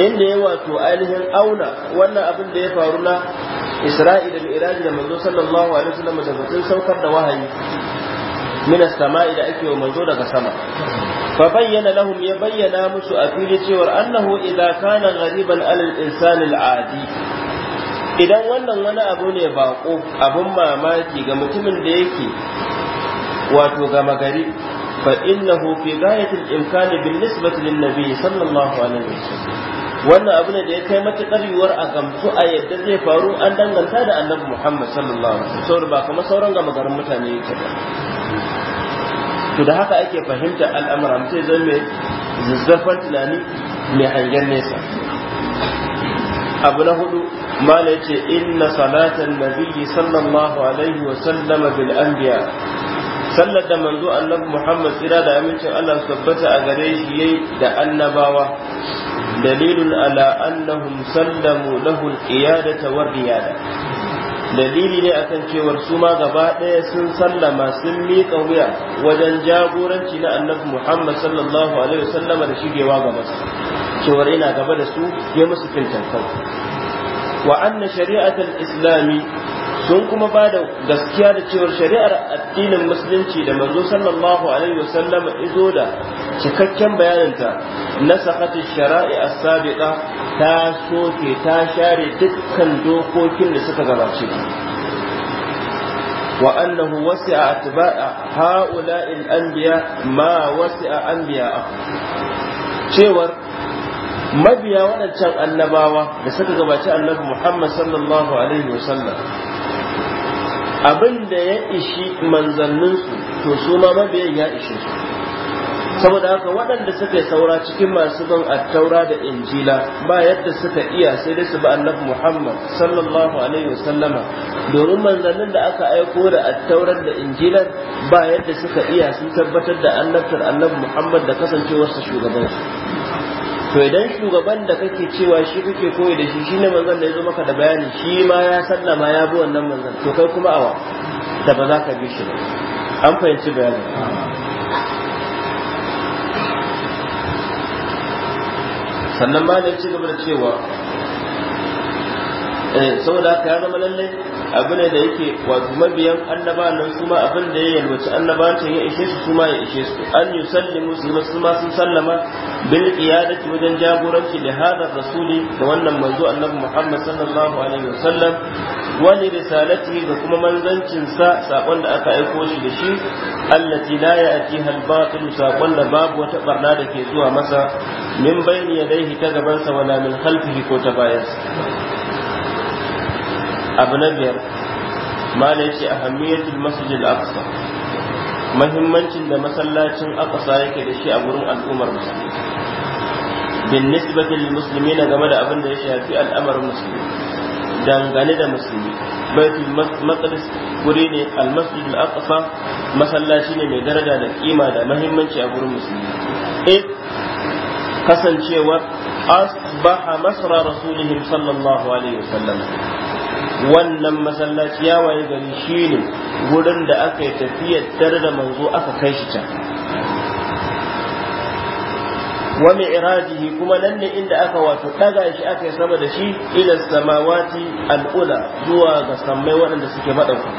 inda ya wato ainihin auna wannan abin da ya faru na Isra'ila da Mi'raj da manzo sallallahu alaihi wasallam da batun saukar da wahayi min as-sama'i da ake wa manzo daga sama fa bayyana lahum ya bayyana musu a fili cewar annahu idza kana ghariban alal insani al-adi idan wannan wani abu ne bako abun mamaki ga mutumin da yake wato gama gari fa innahu fi ghayatil imkani bin nisbati lin nabi sallallahu alaihi wasallam wannan abu ne da ya kai matuƙar yiwuwar a gamsu a yadda zai faru an danganta da annabi Muhammad sallallahu alaihi wasallam ba kamar sauran gama garin mutane yake ba to da haka ake fahimta al'amura mutum zai mai zazzafan tunani mai hangen nesa abu na hudu mala yace inna salatan nabiyyi sallallahu alaihi wa sallama bil anbiya sallar da manzo annabi Muhammad tsira da amincin Allah tabbata a gare shi yayi da annabawa dalilun ala annahum sallamu lahu al-qiyadata wa riyada dalili ne akan cewar su ma gaba ɗaya sun sallama sun miƙa wuya wajen jagoranci na annabi Muhammad sallallahu alaihi wasallam da shigewa gaba su cewar ina gaba da su ya musu fintan wa anna shari'atul islami sun kuma ba da gaskiya da cewar shari'ar addinin musulunci da manzo sallallahu alaihi wasallam izo da cikakken bayaninta na sakatin shari'a as-sabiqa ta soke ta share dukkan dokokin da suka gabace wa annahu wasi'a atba'a ha'ula'il anbiya ma wasi'a anbiya cewar mabiya waɗancan annabawa da suka gabace annabi Muhammad sallallahu alaihi wasallam abin da ya ishi manzanninsu to su ma mabiyan ya ishe su saboda haka waɗanda suka yi saura cikin masu bin attaura da injila ba yadda suka iya sai dai su bi annabi muhammad sallallahu alaihi wasallama domin manzannin da aka aiko da attaurar da injilar ba yadda suka iya sun tabbatar da annabtar annabi muhammad da kasancewarsa shugabansu to idan shugaban da kake cewa shi kake koyi da shi shi ne manzon da ya zo maka da bayani shi ma ya sallama ya bi wannan manzon to kai kuma awa da ba za ka bi shi ba, an fahimci bayanin sannan ma da ci gaba da cewa eh, saboda haka ya zama lallai abu ne da yake wato mabiyan annaba nan su ma abin da ya yalwaci ta ya ishe su su ma ya ishe su an yi sallimu su yi su ma sun sallama bil qiyadati wajen jagoranci da hadar rasuli da wannan manzo annabi Muhammad sallallahu alaihi wasallam wani risalati da kuma manzancin sa sakon da aka aiko shi da shi allati la ya'tiha al-batil sakon da babu wata barna da ke zuwa masa min bayni yadayhi ta gabansa wala min khalfihi ko ta bayansa abu na biyar mala yace ahammiyatul masjidil aqsa muhimmancin da masallacin aqsa yake da shi a gurin al'ummar musulmi bin nisbati lil muslimin game da abin da ya shafi al'amarin musulmi dangane da musulmi baitul maqdis guri ne al masjid al aqsa masallaci ne mai daraja da kima da muhimmanci a gurin musulmi eh kasancewar asbaha masra rasulihim sallallahu alaihi wasallam wannan masallaci ya waye gari shine gurin da aka yi tafiyar tare da manzo aka kai shi can wa mi'rajihi kuma nan ne inda aka wato daga shi aka yi sama da shi ila samawati al'ula zuwa ga sammai waɗanda suke madauka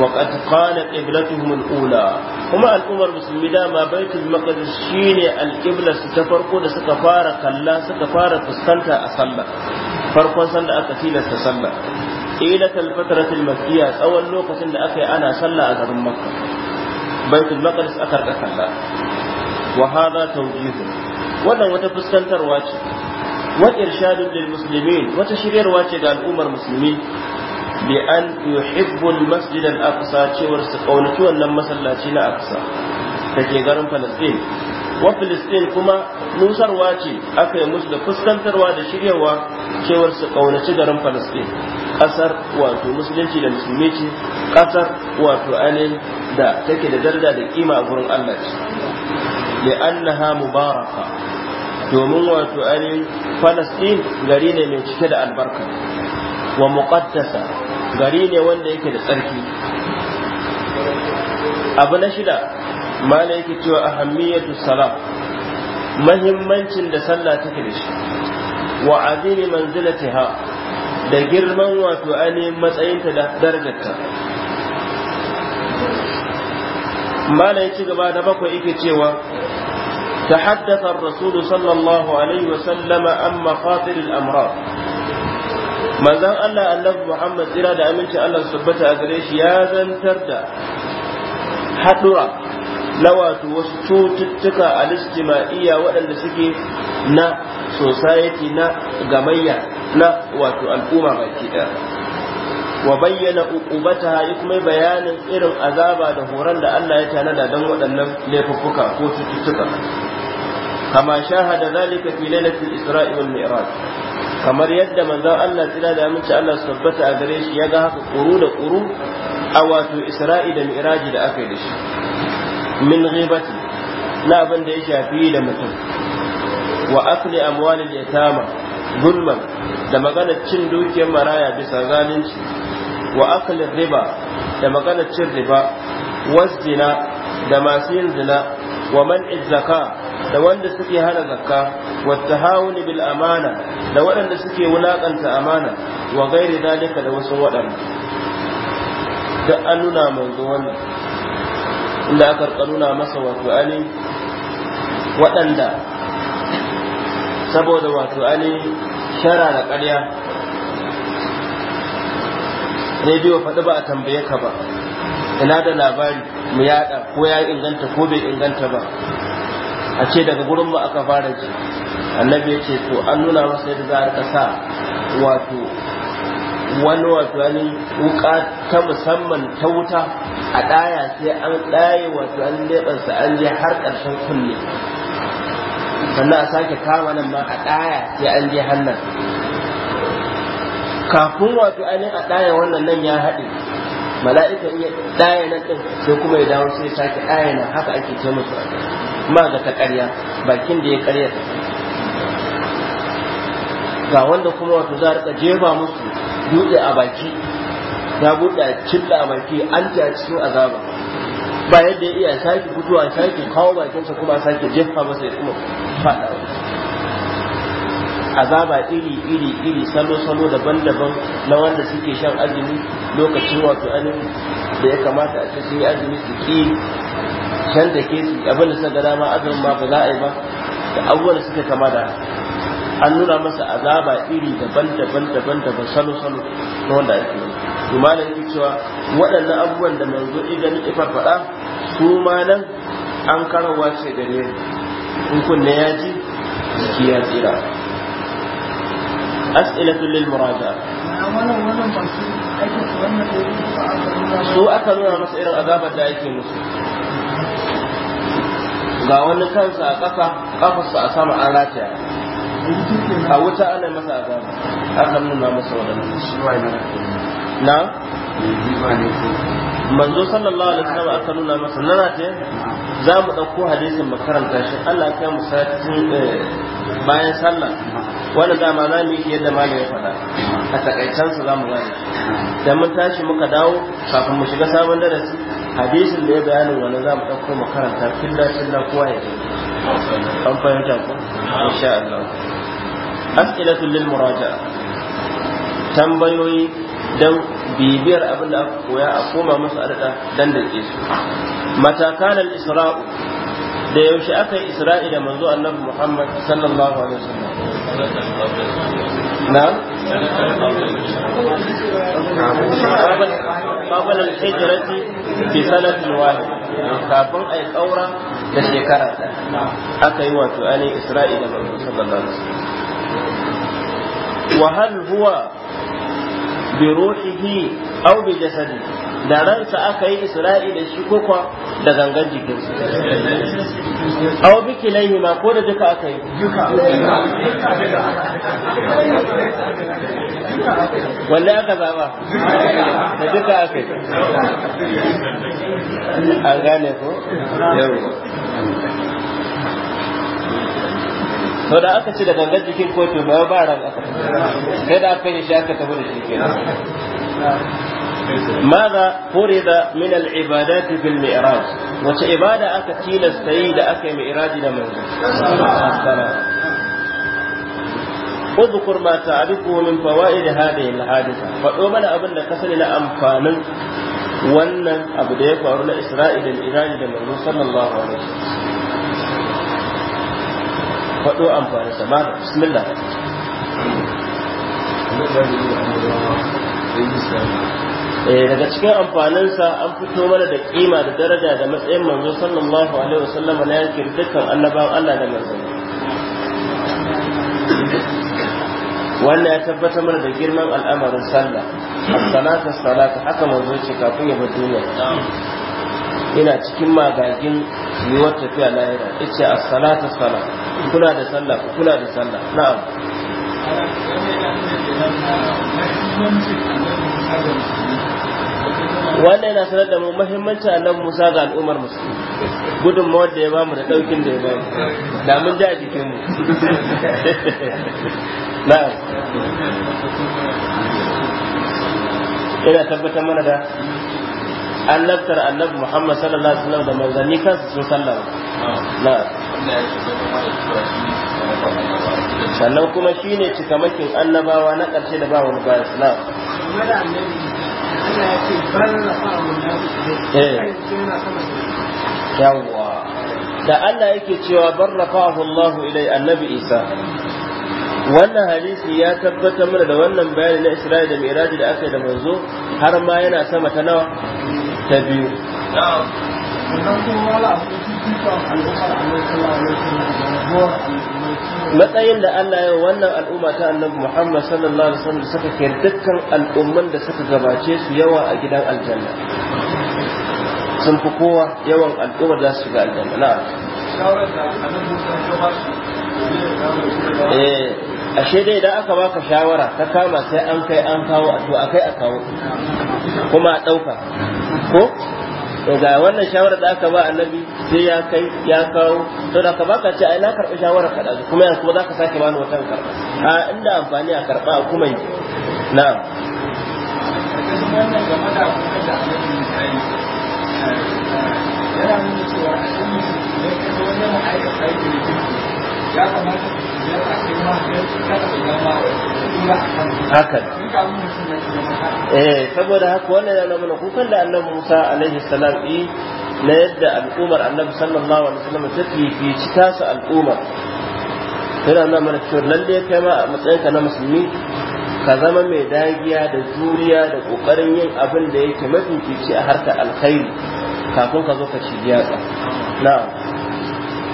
wa qad qala qiblatuhum al'ula kuma al'ummar musulmi dama baitul maqdis shine al-qibla su ta farko da suka fara kalla suka fara fuskanta a sallah farkon sanda aka tilasta sallah ila talfatratil makkiya tsawon lokacin da aka yi ana sallah a garin makka baitul maqdis aka rika kalla wa hada tawjih wannan wata fuskantarwa ce wa irshadun lil muslimin wata shiryarwa ce ga al'ummar musulmi bi an yuhibbu al masjid al aqsa cewar su kaunaci wannan masallaci na aqsa da garin falastin wa filistin kuma Musarwa ce aka yi musu da fuskantarwa da shiryawa cewar su kaunaci garin falastin kasar wato musulunci da musulmi ce kasar wato ainihin da take da darda da kima a gurin allah ce li'annaha mubaraka domin wato ainihin falastin gari ne mai cike da albarka wa muƙaddasa gari ne wanda yake da tsarki abu na shida ma yake cewa ahammiyatu salam mahimmancin da sallah take da shi wa azimi manzilatiha da girman wato ainihin matsayinta da darajarta malam ci gaba da bakwai yake cewa تحدث الرسول صلى الله عليه وسلم عن مخاطر الأمراض manzon Allah annabi Muhammad tsira da aminci Allah su tabbata a gare shi ya zantar da haɗura na wato wasu cututtuka a ijtimaiyya waɗanda suke na society na gamayya na wato al'umma baki ɗaya wa bayyana uqubataha ya kuma bayanin irin azaba da horon da Allah ya tanada don waɗannan laifuffuka ko cututtuka kama da zalika fi lailatul isra'i wal mi'raj kamar yadda manzon Allah tsira da mutunci Allah su tabbata a gare shi ya ga haka kuru da kuru a wato isra'i da mi'raji da aka yi da shi min ghibati na abin da ya shafi da mutum wa akli amwalil yatama gulman da maganar cin dukiyar maraya bisa zalunci wa akli riba da maganar cin riba wasdina da masu yin zina wa man zaka da wanda suke hana zakka wa tahawuni bil amana da waɗanda suke wulakanta amana wa gairi dalika da wasu waɗanda da an nuna manzo wannan inda aka nuna masa wato Ali, waɗanda saboda wato Ali shara da ƙarya rediyo faɗi ba a tambaye ka ba ina da labari mu yaɗa ko ya inganta ko bai inganta ba a ce daga gurin mu aka fara ji annabi ya ce to an nuna masa yadda za a sa wato wani wasu wani wuka ta musamman ta wuta a ɗaya sai an ɗaye wato wani leɓansa an je har ƙarshen kunne sannan a sake kama nan ma a ɗaya sai an je hannun kafin wasu wani a ɗaya wannan nan ya haɗe mala'ika iya ɗaya na ɗin sai kuma ya dawo sai sake ɗaya na haka ake ce musu ma ga ta ƙarya bakin da ya ƙarya ga wanda kuma wato za a rika jefa musu dutse a baki ya buɗe a a baki an ta cikin azaba ba yadda ya iya sake fitowa sake kawo bakinsa kuma sake jefa masa ya kuma fada azaba iri iri iri salo salo daban-daban na wanda suke shan azumi lokacin wato anin da ya kamata a cikin azumi su ki shan da ke su abin da suka dama azumin ma ba za a yi ba da abubuwan da suka kama da an nuna masa azaba iri daban-daban daban-daban salo-salo na wanda ake yi to malam yake cewa waɗannan abubuwan da manzo idan ifar faɗa su ma nan an karawa ce da ne in kunne ya ji jiki ya tsira as'ilatu lil murada su aka nuna masa irin azabar da ake musu ga wani kansa a ƙasa ƙafarsa a sama an rataya a wuta ana masa azaba aka nuna masa wadannan na manzo sallallahu alaihi wasallam aka nuna masa nana ta za mu ɗauko hadisin makaranta shi Allah ya kai mu satin eh, bayan sallah wannan dama za mu yi yadda malam ya faɗa a takaicansa za mu gane da mun tashi muka dawo kafin mu shiga sabon darasi hadisin da ya bayani wani za mu ɗauko makaranta filla filla kowa ya an fahimta ko insha Allah as'ilatul lil muraja tambayoyi dan bibiyar abin da aka koya a koma musu a dandake su matakalan isra'u da yaushe aka yi isra'i da manzo annabi muhammad sallallahu alaihi wasallam na babal al-hijrati bi sanatin wahid kafin ai kaura da shekara aka yi wato ani isra'i da manzo sallallahu alaihi wasallam وهل هو بروحه أو بجسده da ransa aka yi isra'i da shi ko kwa da gangan jikinsa aw bi kilayhi ma ko da duka aka yi wanda aka zaba da duka aka yi an gane ko yawa to da aka ci da gangan jikin ko to ba ba ran aka sai da aka yi shi aka tafi da shi kenan ماذا فرض من العبادات في المعراج وتعبادة أكتيل السيد أكي معراج لمن اذكر ما تعرفه من فوائد هذه الحادثة فأمن أبن كسل لأنفان wannan abu da ya faru na isra'ila da irani da manzo faɗo amfani sa ba bismillah eh, daga cikin amfaninsa an fito mana da kima da daraja da matsayin manzo sallallahu alaihi wasallam na yankin dukkan annabawan Allah da manzo wannan ya tabbata mana da girman al'amarin sallah as-salatu as-salatu haka manzo ce kafin ya bar duniya ina cikin magagin yiwuwar tafiya lahira yace as-salatu as-salatu ku kula da sallah ku kula da sallah na'am wannan yana sanar da mu muhimmanci annabi Musa ga al'ummar musulmi mawar da ya bamu da daukin da ya mu da mun ji a jikin mu [LAUGHS] na'am Ina tabbatar mana da annabtar annabi Muhammad sallallahu alaihi wasallam da manzanni kansu sun sallama na'am sannan kuma shi ne cikamakin annabawa na ƙarshe da ba wani da Allah yake cewa barrafahu Allah ilai annabi Isa wannan hadisi ya tabbatar mana da wannan bayani na isra'i da Miraji da aka yi da manzo har ma yana sama ta nawa ta biyu matsayin da Allah ya wannan al'umma ta annabi Muhammad sallallahu alaihi wasallam suka ke dukkan al'umman da suka gabace su yawa a gidan aljanna sun fi kowa yawan al'umma za su shiga aljanna na eh ashe dai da aka baka shawara ta kama sai an kai an kawo a to akai a kawo kuma a ɗauka ko to ga wannan shawara da aka ba annabi sai ya kai ya kawo to da ka baka ce ai na karɓi shawara ka da kuma yanzu kuma zaka sake bani wata karɓa a inda amfani a karɓa kuma yi na'am yana nuna cewa a cikin ya kamata hakan eh saboda haka wannan yana mana kukan da annabi Musa alaihi salam yi na yadda al'ummar annabi sallallahu alaihi wasallam ta fifici tasu al'ummar yana nuna mana cewa lalle kai ma a matsayinka na musulmi ka zama mai dagiya da juriya da kokarin yin abin da yake fice a harkar alkhairi kafin ka zo ka ci yatsa na'am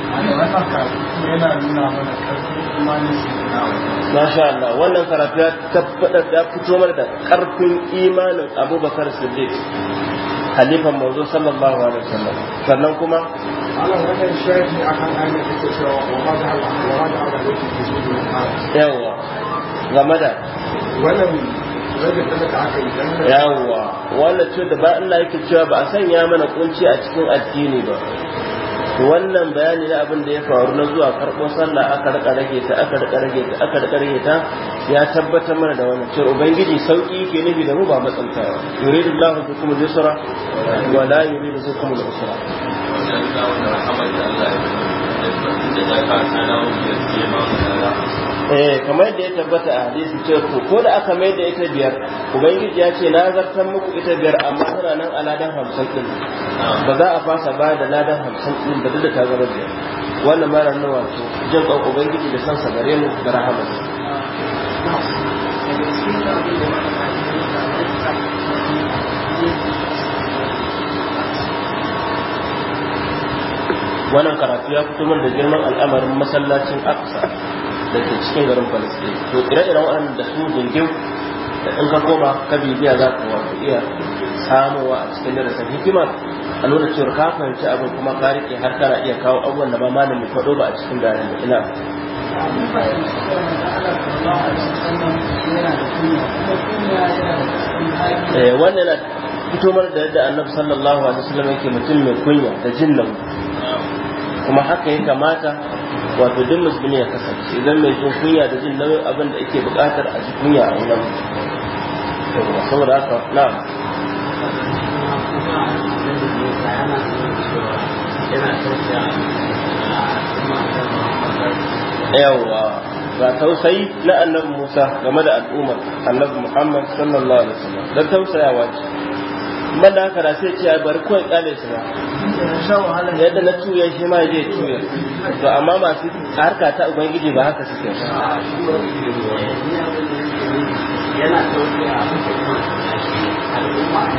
Masha Allah wannan karatu ya fito mana da karfin imanin Abubakar Siddiq manzo sallallahu alaihi wasallam sannan kuma kan cewa wa da da ke yawa game da yawa wannan ce da ba Allah yake cewa ba a sanya mana kunci a cikin addini ba wannan bayani na abin da ya faru na zuwa karɓo sallah aka rika rage ta aka rika rage ta aka rika rage ta ya tabbatar mana da wannan cewa ubangiji sauki ke nufi da mu ba ba yuridu Allahu bikum al-yusra wa la yuridu bikum al-usra da eh kamar yadda ya tabbata a hadisi ce ko ko da aka mai da ita biyar ubangiji ya ce na zartan muku ita biyar amma tana nan a ladan hamsin din ba za a fasa ba da ladan hamsin din da ta zama biyar wannan mara nan wato jin kan ubangiji da san sa gare mu da rahama wannan karatu ya fito min da girman al'amarin masallacin aksa da ke cikin garin falastin to ire-iren waɗanda da su jirgin da in ka koma ka bibiya za ka wato iya samowa a cikin darasin hikima a lokacin ka fahimci abin kuma ka rike har kana iya kawo abubuwan da ba malami faɗo ba a cikin bayanin da ina eh, wannan yana fito da yadda annabi sallallahu alaihi wasallam yake mutum mai kunya da jin kuma haka ya kamata wato duk musulmi ya kasance idan mai jin kunya da jin nauyin abin da ake buƙatar a ji kunya a wurin saboda haka na yawwa ga tausayi na annabi Musa game da al'ummar annabi Muhammad sallallahu alaihi wasallam Don tausayawa ce ban da haka da sai ce bari kawai kyale su ba yadda na tuya shi ma zai tuya to amma masu harka ta ubangiji ba haka suke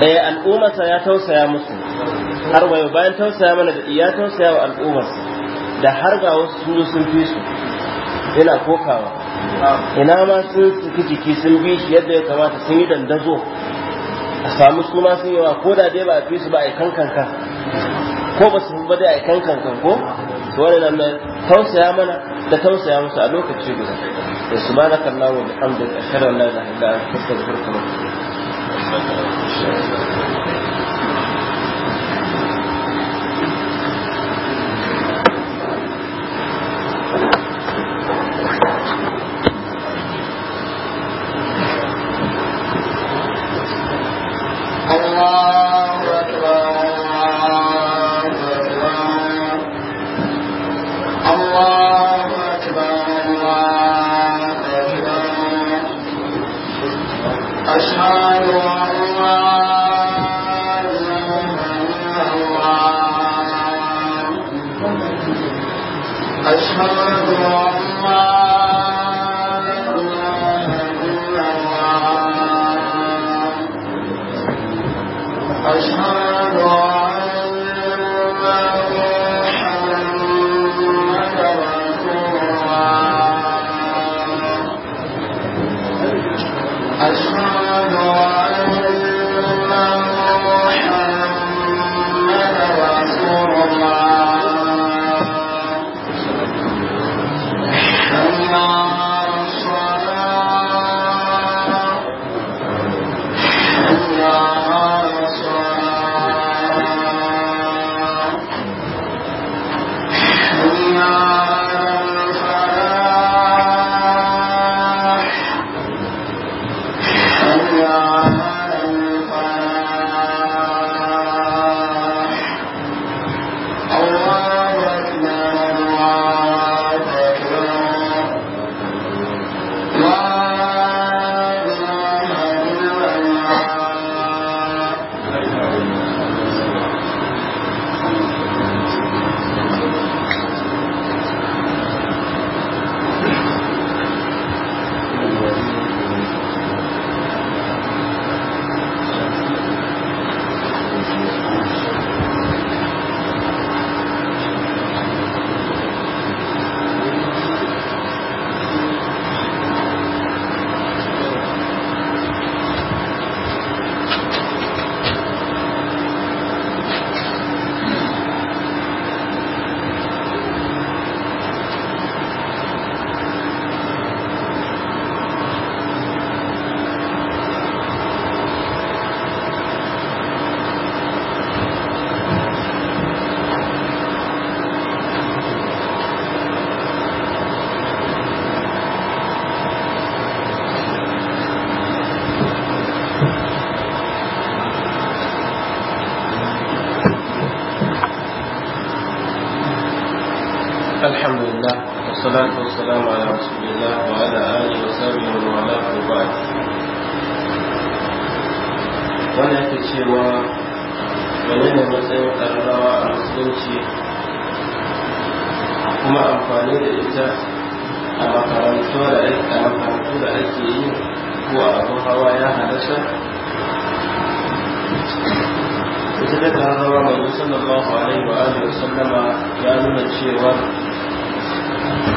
eh sa ya tausaya musu har wayo bayan tausaya mana da iya tausaya wa al'ummarsa da har ga wasu sun sun fi su ina kokawa ina ma sun fi jiki sun bi shi yadda ya kamata sun yi dandazo a samu su ma sun yawa ko da dai ba a fi su ba a yi kankanka ko ba su ba dai a yi kankankan ko to nan mai tausaya mana da tausaya musu a lokaci guda da su ma na kallawa da hamdu da shirin kusa da kasar kurkuma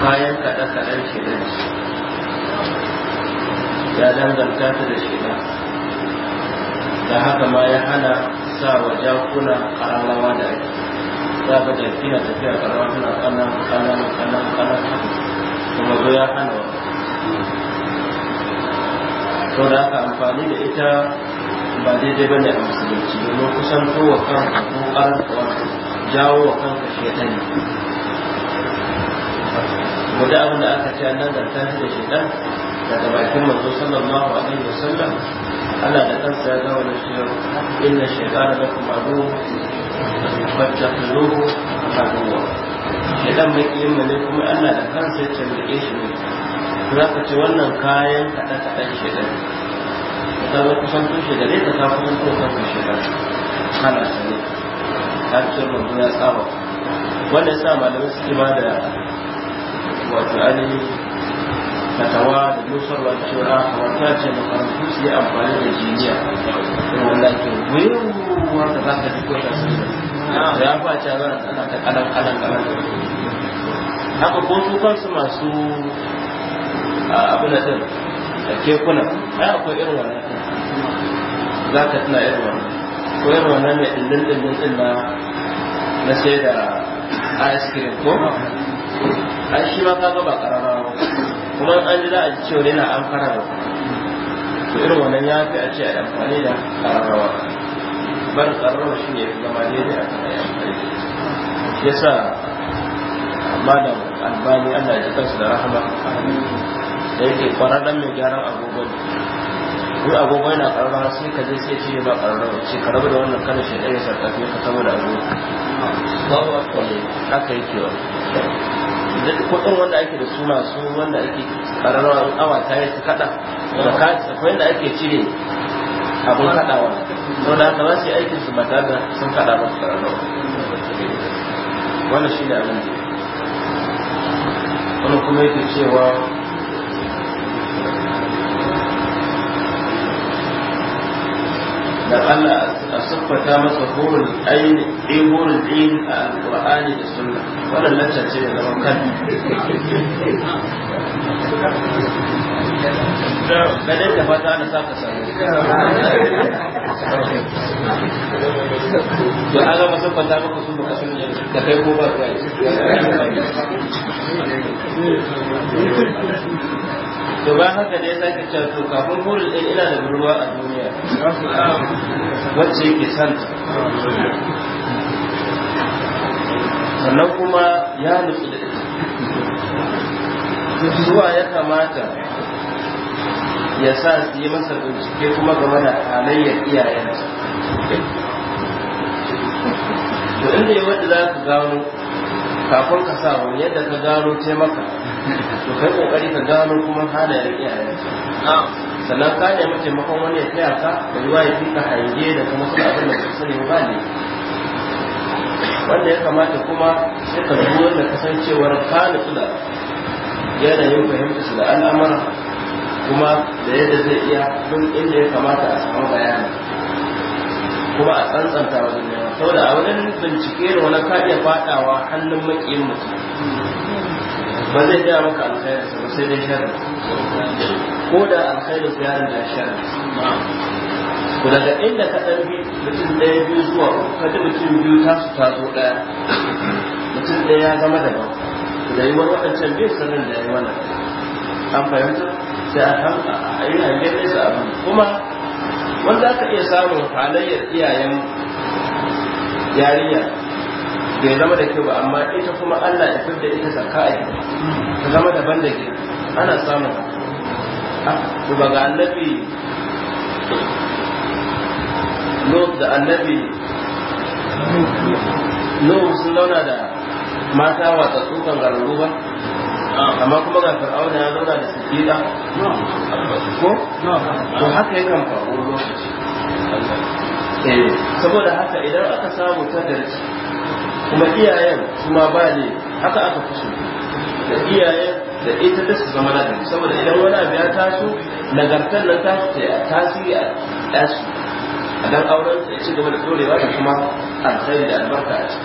bayan kaɗe-kaɗen shida ya danganta ta da shi da haka ma ya hana sa wa jakuna ƙararrawa da ake za ka da kina tafiya ƙararrawa suna ƙanan ƙanan ƙanan ƙanan kuma zo ya hana wa to da haka amfani da ita ba daidai bane a musulunci domin kusan kowa kan ko kawai. jawo wa kanka shaidani Guda da abin da aka ce an danganta shi da shaitan daga bakin manzo sallallahu alaihi wasallam Ana da kansa ya gawo da shi inna shaytana lakum adu fattakuluhu aduwa shaitan mai kiyamma ne kuma Allah da kansa ya tambaye shi ne za ka ce wannan kayan kaɗan-kaɗan kaɗe-kaɗen shaitan ta zo kusan shi da leta ta kusan to kan shaitan kana sani ta ce manzo ya saba wanda ya sa malamai suke ba da wato ali fatawa da nusarwa cewa wata ce su yi amfani da jiniya da wanda ke wuyewar da za ka ji da ana ta kalan kalan haka ko su kansu masu abu na din da kekuna ai akwai irin wannan za ka tuna irin wannan ko irin wannan mai dindin na na sai da ice cream ko an shi ma kaga ba karama ba kuma an ji za a ji cewa yana an fara ba to irin wannan ya fi a ce a amfani da karama bar karama shi ne zama ne a aka yasa malam albani Allah ya ji kansu da rahama da yake kwararren mai gyaran agogon in agogo yana karama sai ka je sai ce ba karama ce ka rabu da wannan kana shi ɗaya sarƙafi ka tabo da agogo babu akwai haka yake wa da kuɗin wanda ake da suna su wanda ake kararrawa an awa ta yi su kaɗa da kati akwai yadda ake cire abin kaɗawa to da haka za su yi aikin su ba tare da sun kaɗa ba su kararrawa wannan shi ne abin da wani kuma yake cewa Allah a siffata masa hurul ayin in eh, hurul ayin a alqur'ani da sunna wannan lacca da zaman da fata na saka sani to gama siffata maka su baka to ba haka ne sake cewa to kafin hurul ɗin ina da ruwa a duniya wacce yake santa sannan kuma ya nutsu da ita zuwa ya kamata ya sa su yi masa bincike kuma game da halayyar iyayensa to inda yi wanda za ka gano kafin ka sa wani yadda ka gano taimaka [LAUGHS] to kai kokari ka gano kuma halayen iyayenka sannan ka nemi taimakon wani ya taya ka da ruwa ya fi ka hange da kuma abin da ba sani ba ne wanda ya kamata kuma sai ka duba da kasancewar ka nutsu da yanayin fahimta su da al'amura kuma da yadda zai iya duk inda ya kamata a samu bayani kuma a tsantsanta wajen yawa saboda a wajen bincike da wani ka iya fadawa hannun makiyin mutum ba zai gaya maka alkhairin sa sai dai sharri ko da alkhairin sa ya rinda sharri ku daga inda ka ɗarfi mutum ɗaya biyu zuwa ka ji mutum biyu tasu taso ɗaya mutum ɗaya ya zama ku da yi wani waɗancan biyu sanin da ya yi wannan an fahimta sai a kan a yi hangen nesa abin kuma wanda aka iya samun halayyar iyayen yarinya bai zama da kyau ba amma ita kuma Allah ya fi da ita zarka a ita ta zama daban da ke ana samun to ba ga annabi Lot da annabi Lot sun launa da mata wata tsukan garuru ba amma kuma ga fir'auna ya zauna da da ko to haka yakan faru lokaci eh, saboda haka idan aka samu tadarci kuma iyayen su ma ba ne haka aka fi so da iyayen da ita ta su zama na saboda idan wani abu ya taso nagartar nan ta ta tasiri a ɗasu a dan auren ya ci gaba da ɗorewa da kuma alkhairi da albarka a su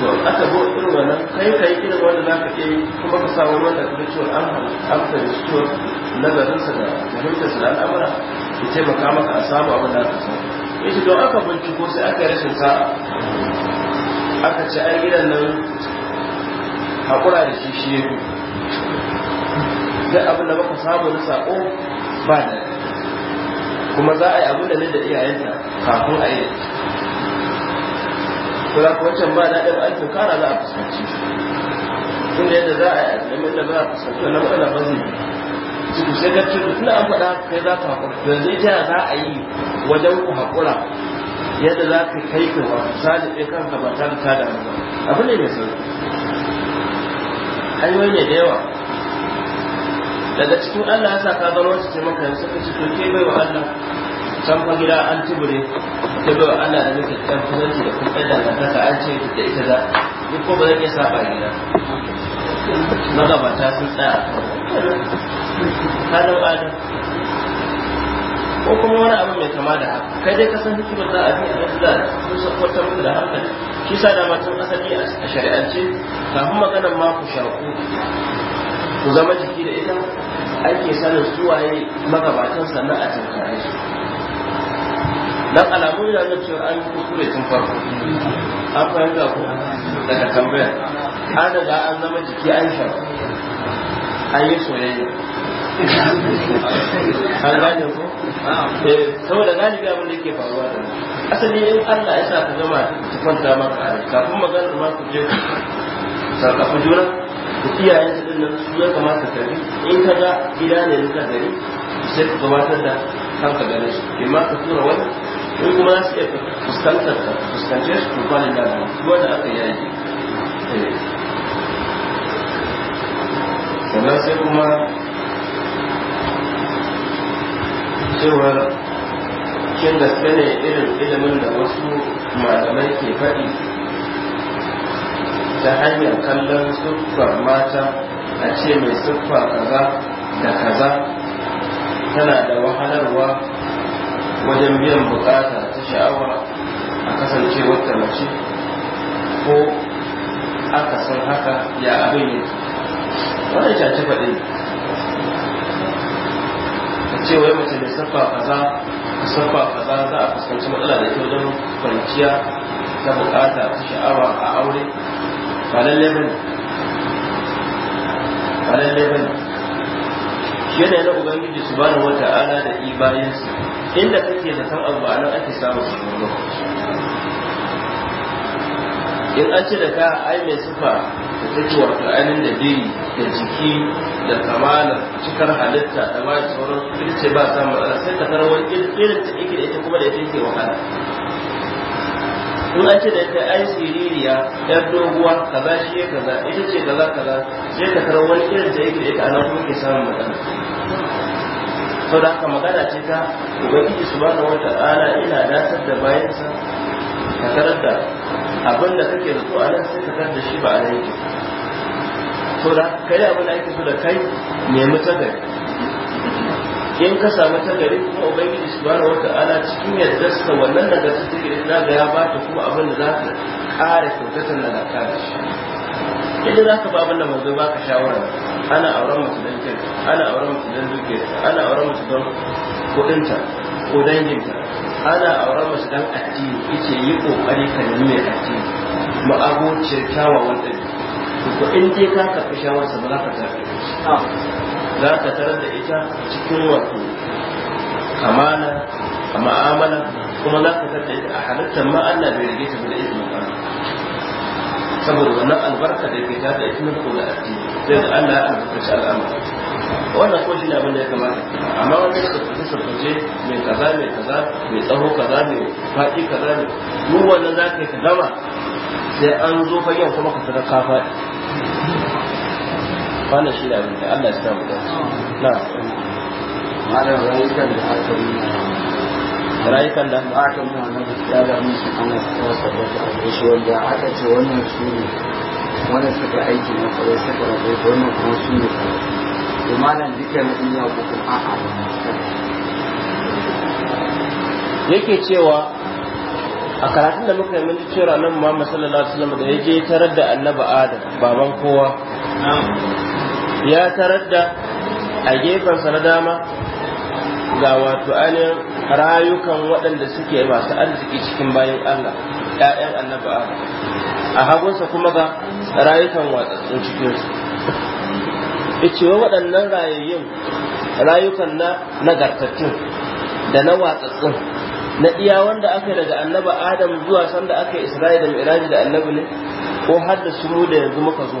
to aka bo irin wannan kai kai irin wanda zaka ke kuma ka samu wanda kuma cewa an da cewa nazarin sa da fahimtar da al'amura ya taimaka maka a samu abin da aka samu Ita don aka binciko sai aka rashin sa'a aka ci ai gidan nan haƙura da shi shi yi duk abin da ku samu na saƙo ba da kuma za a yi abin da ne da iyayenta kafin a yi kula ku wancan ba daɗin an tunkara za a fuskanci da yadda za a yi azumin da ba a fuskanci wannan matsala ba zai yi sai ka ce tun an faɗa kai za ka haƙura yanzu ita za a yi wajen ku haƙura yadda za ka kai ka ba salibe kanka ba ta ka da abu ne mai sauki hanyoyi ne da yawa daga cikin Allah ya sa ka zama wacce ce maka yanzu ka ci to bai wa Allah can fa gida an tubure ta bai wa Allah da nake can kusanci da kuma ɗan dangantaka an ce da ita za ni ko ba zan iya saba gida magabata sun tsaya a kan adam ko kuma wani abu mai kama da haka kai dai ka san hikimar za a bi a wasu da sun sakwatar da hankali shi sa da matan asali a shari'ance kafin maganar ma ku shaku ku zama jiki da ita ake sanin suwaye magabatan sannan a tankare su dan alamu yana nuna cewa an kuskure tun farko an fahimta ku daga tambaya an daga an zama jiki an shaku an yi soyayya an gane ko eh saboda galibi abin da yake faruwa da asali in Allah ya sa ku zama ku kwanta maka kafin magana ma ku je sarkafa juna ku iyayen su dinnan su ya kamata ka bi in ka ga gida ne na gari sai ku gabatar da kanka gare su ke ma ka tura wani in kuma su iya fuskantar ka fuskance su ku kwanin da ba da aka yayi eh. sannan sai kuma cewar kin gaske ne irin ilimin da wasu malamai ke faɗi ta hanyar kallon siffar mata a ce mai siffa kaza da kaza tana da wahalarwa wajen biyan bukata ta sha'awa a kasancewar ta mace ko aka san haka ya abin yake wannan cace faɗi ce wai mutum da saffa kaza saffa kaza za a fuskanci matsala da kyau wajen kwanciya ta bukata ta sha'awa a aure ba lalle ba ne ba lalle ba ne shi ne na ubangiji su bani wata ala da bayansu inda kake da kan abu a nan ake samun su in an ce da ka ai mai siffa da take wata ainihin da biri da jiki da kamala cikar halitta da ma sauran kirce ce ba sa matsala sai ka tarar wani irin ta ake da ita kuma da ita yake wahala in ce da ita ai siririya yar doguwa kaza shi ya kaza ita ce kaza kaza sai ka tarar wani irin ta yake da ita nan kuma ke samun matsala sau da haka magana ce ta ubangiji subhanahu wata ala ina datar da bayansa ka tarar da abin da kake da a sai ka tarar da shi ba a yanki so da kai da abin da ake so da kai nemi ta in ka samu tagari kuma ubangiji subhanahu wata'ala cikin yaddarsa wannan daga su take da ga ya bata kuma abin da za ka kare kyautatan da ka da shi idan za ka ba abin da manzo ba ka shawara ana auren mace don kai ana auren mace don dukiyarta ana auren mace don kudinta ko danginta ana auren mace don addini ita yi kokari ka nemi mai addini ma'abociyar kyawawan ɗabi'a to in je ka karɓi shawar ba za ka karɓi za ka tarar da ita cikin wato kamala a ma'amala kuma za ka tarar da ita a halittar ma Allah bai rage ta da ita ba saboda wannan albarka da ke tada ita na kula a ciki sai da Allah ya albarkaci al'amari wannan ko shi ne abin da ya kamata amma wani sarkace sarkace mai kaza mai kaza mai tsaho kaza mai faɗi kaza ne mu wannan za ka yi ka gama sai an zo fagen kuma ka sadaka faɗi wannan shi ne abin da Allah ya sa mu dace na malam rayukan da aka yi na rayukan da aka yi na gaskiya musu ana tsara sabata a gaishe wanda aka ce wannan su ne wanda suka aiki na kwarai suka rabu wannan kuma su ne kwarai malam na duniya ko kuma a'a yake cewa a karatun da muka yi mun cewa ranar Muhammad sallallahu alaihi wasallam da ya je tarar da annabi Adam baban kowa ya tarar da a gefensa na dama ga wato ainihin rayukan waɗanda suke masu arziki cikin bayan Allah ‘ya'yan annaba a hagunsa kuma ga rayukan watsatsun cikinsu cewa waɗannan rayayyun rayukan na nagartattun da na watsatsun na iya wanda aka yi daga annaba adam zuwa sanda aka yi isra'i da mi'raji da annabi ne ko har da su mu da yanzu muka zo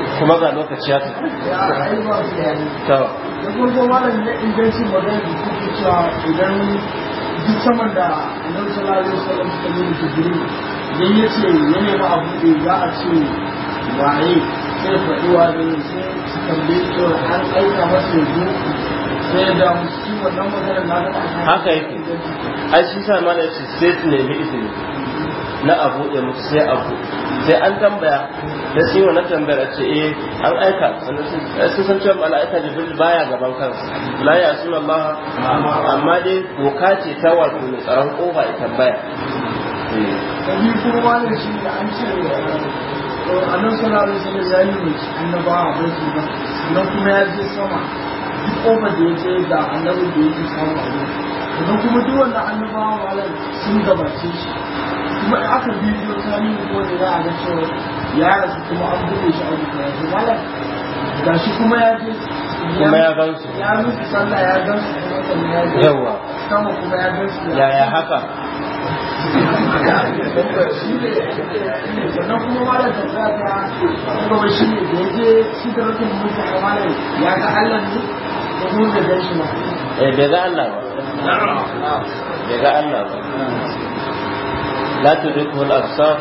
kuma ga lokaci ya ta ta duk saman da annabi sallallahu alaihi suka yi da ya yace yana ba abu buɗe za a ce waye sai faɗuwa da sai su tambaye to an aika masa yanzu sai da musu wannan magana na da haka yake ai shi sa mana ce sai su nemi izini na abu ya mutu sai abu sai an tambaya da shi wannan tambayar ce eh an aika sai eh, san cewa mala'ika jibril baya gaban kansa la ya suna Allah amma dai doka ce ta wato ne tsaron kofa ya tambaya Kabi kowa da shi da an ce nan suna da shi da zalimi annabawa ba su ba sannan kuma ya je sama duk kofar da ya je da annabin da ya je sama ba kuma duk wanda annabawa malam sun gabace shi kuma aka bi biyo ta ne ko da za a ga cewa ya rasu kuma an buɗe shi a wuta ya malam ga shi kuma ya je kuma ya gan su ya mutu sallah ya gan su kuma ya je yawa kuma ya gan su ya haka sannan kuma malam da za ta kuma shi ne da ya je sidratin mutu a malam ya ga allah ne ko da gan shi ma eh bai ga allah ba bai ga allah ba la tudrikuhu al-absar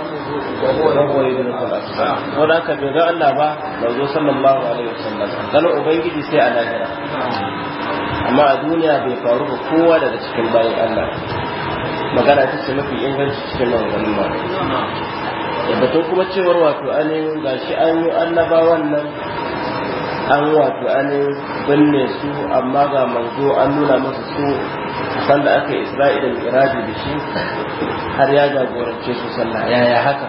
wa huwa lahu yudriku al-absar ko da ka bai ga Allah ba manzo sallallahu alaihi wasallam ubangiji sai a lahira amma a duniya bai faru ba kowa daga cikin bayan Allah magana mafi inganci cikin maganganun ba tabbatun kuma cewar wato ainihin gashi an yi annabawan nan an wato anin binne su amma ga manzo an nuna masa su san da aka isra'ila miraji da shi har ya jagorance su sallah yaya haka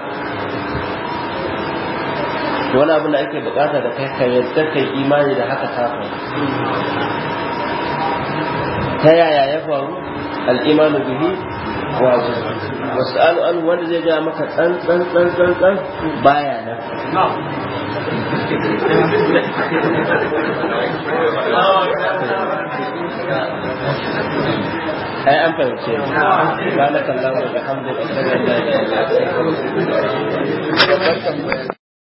wani abin da ake bukata da kai ka yadda kai imani da haka ta faru ta yaya ya faru al'imanu bihi wa wasu al'adu wanda zai ja maka tsantsan tsantsan baya nan ai an fahimce ba na kallon da hamdu da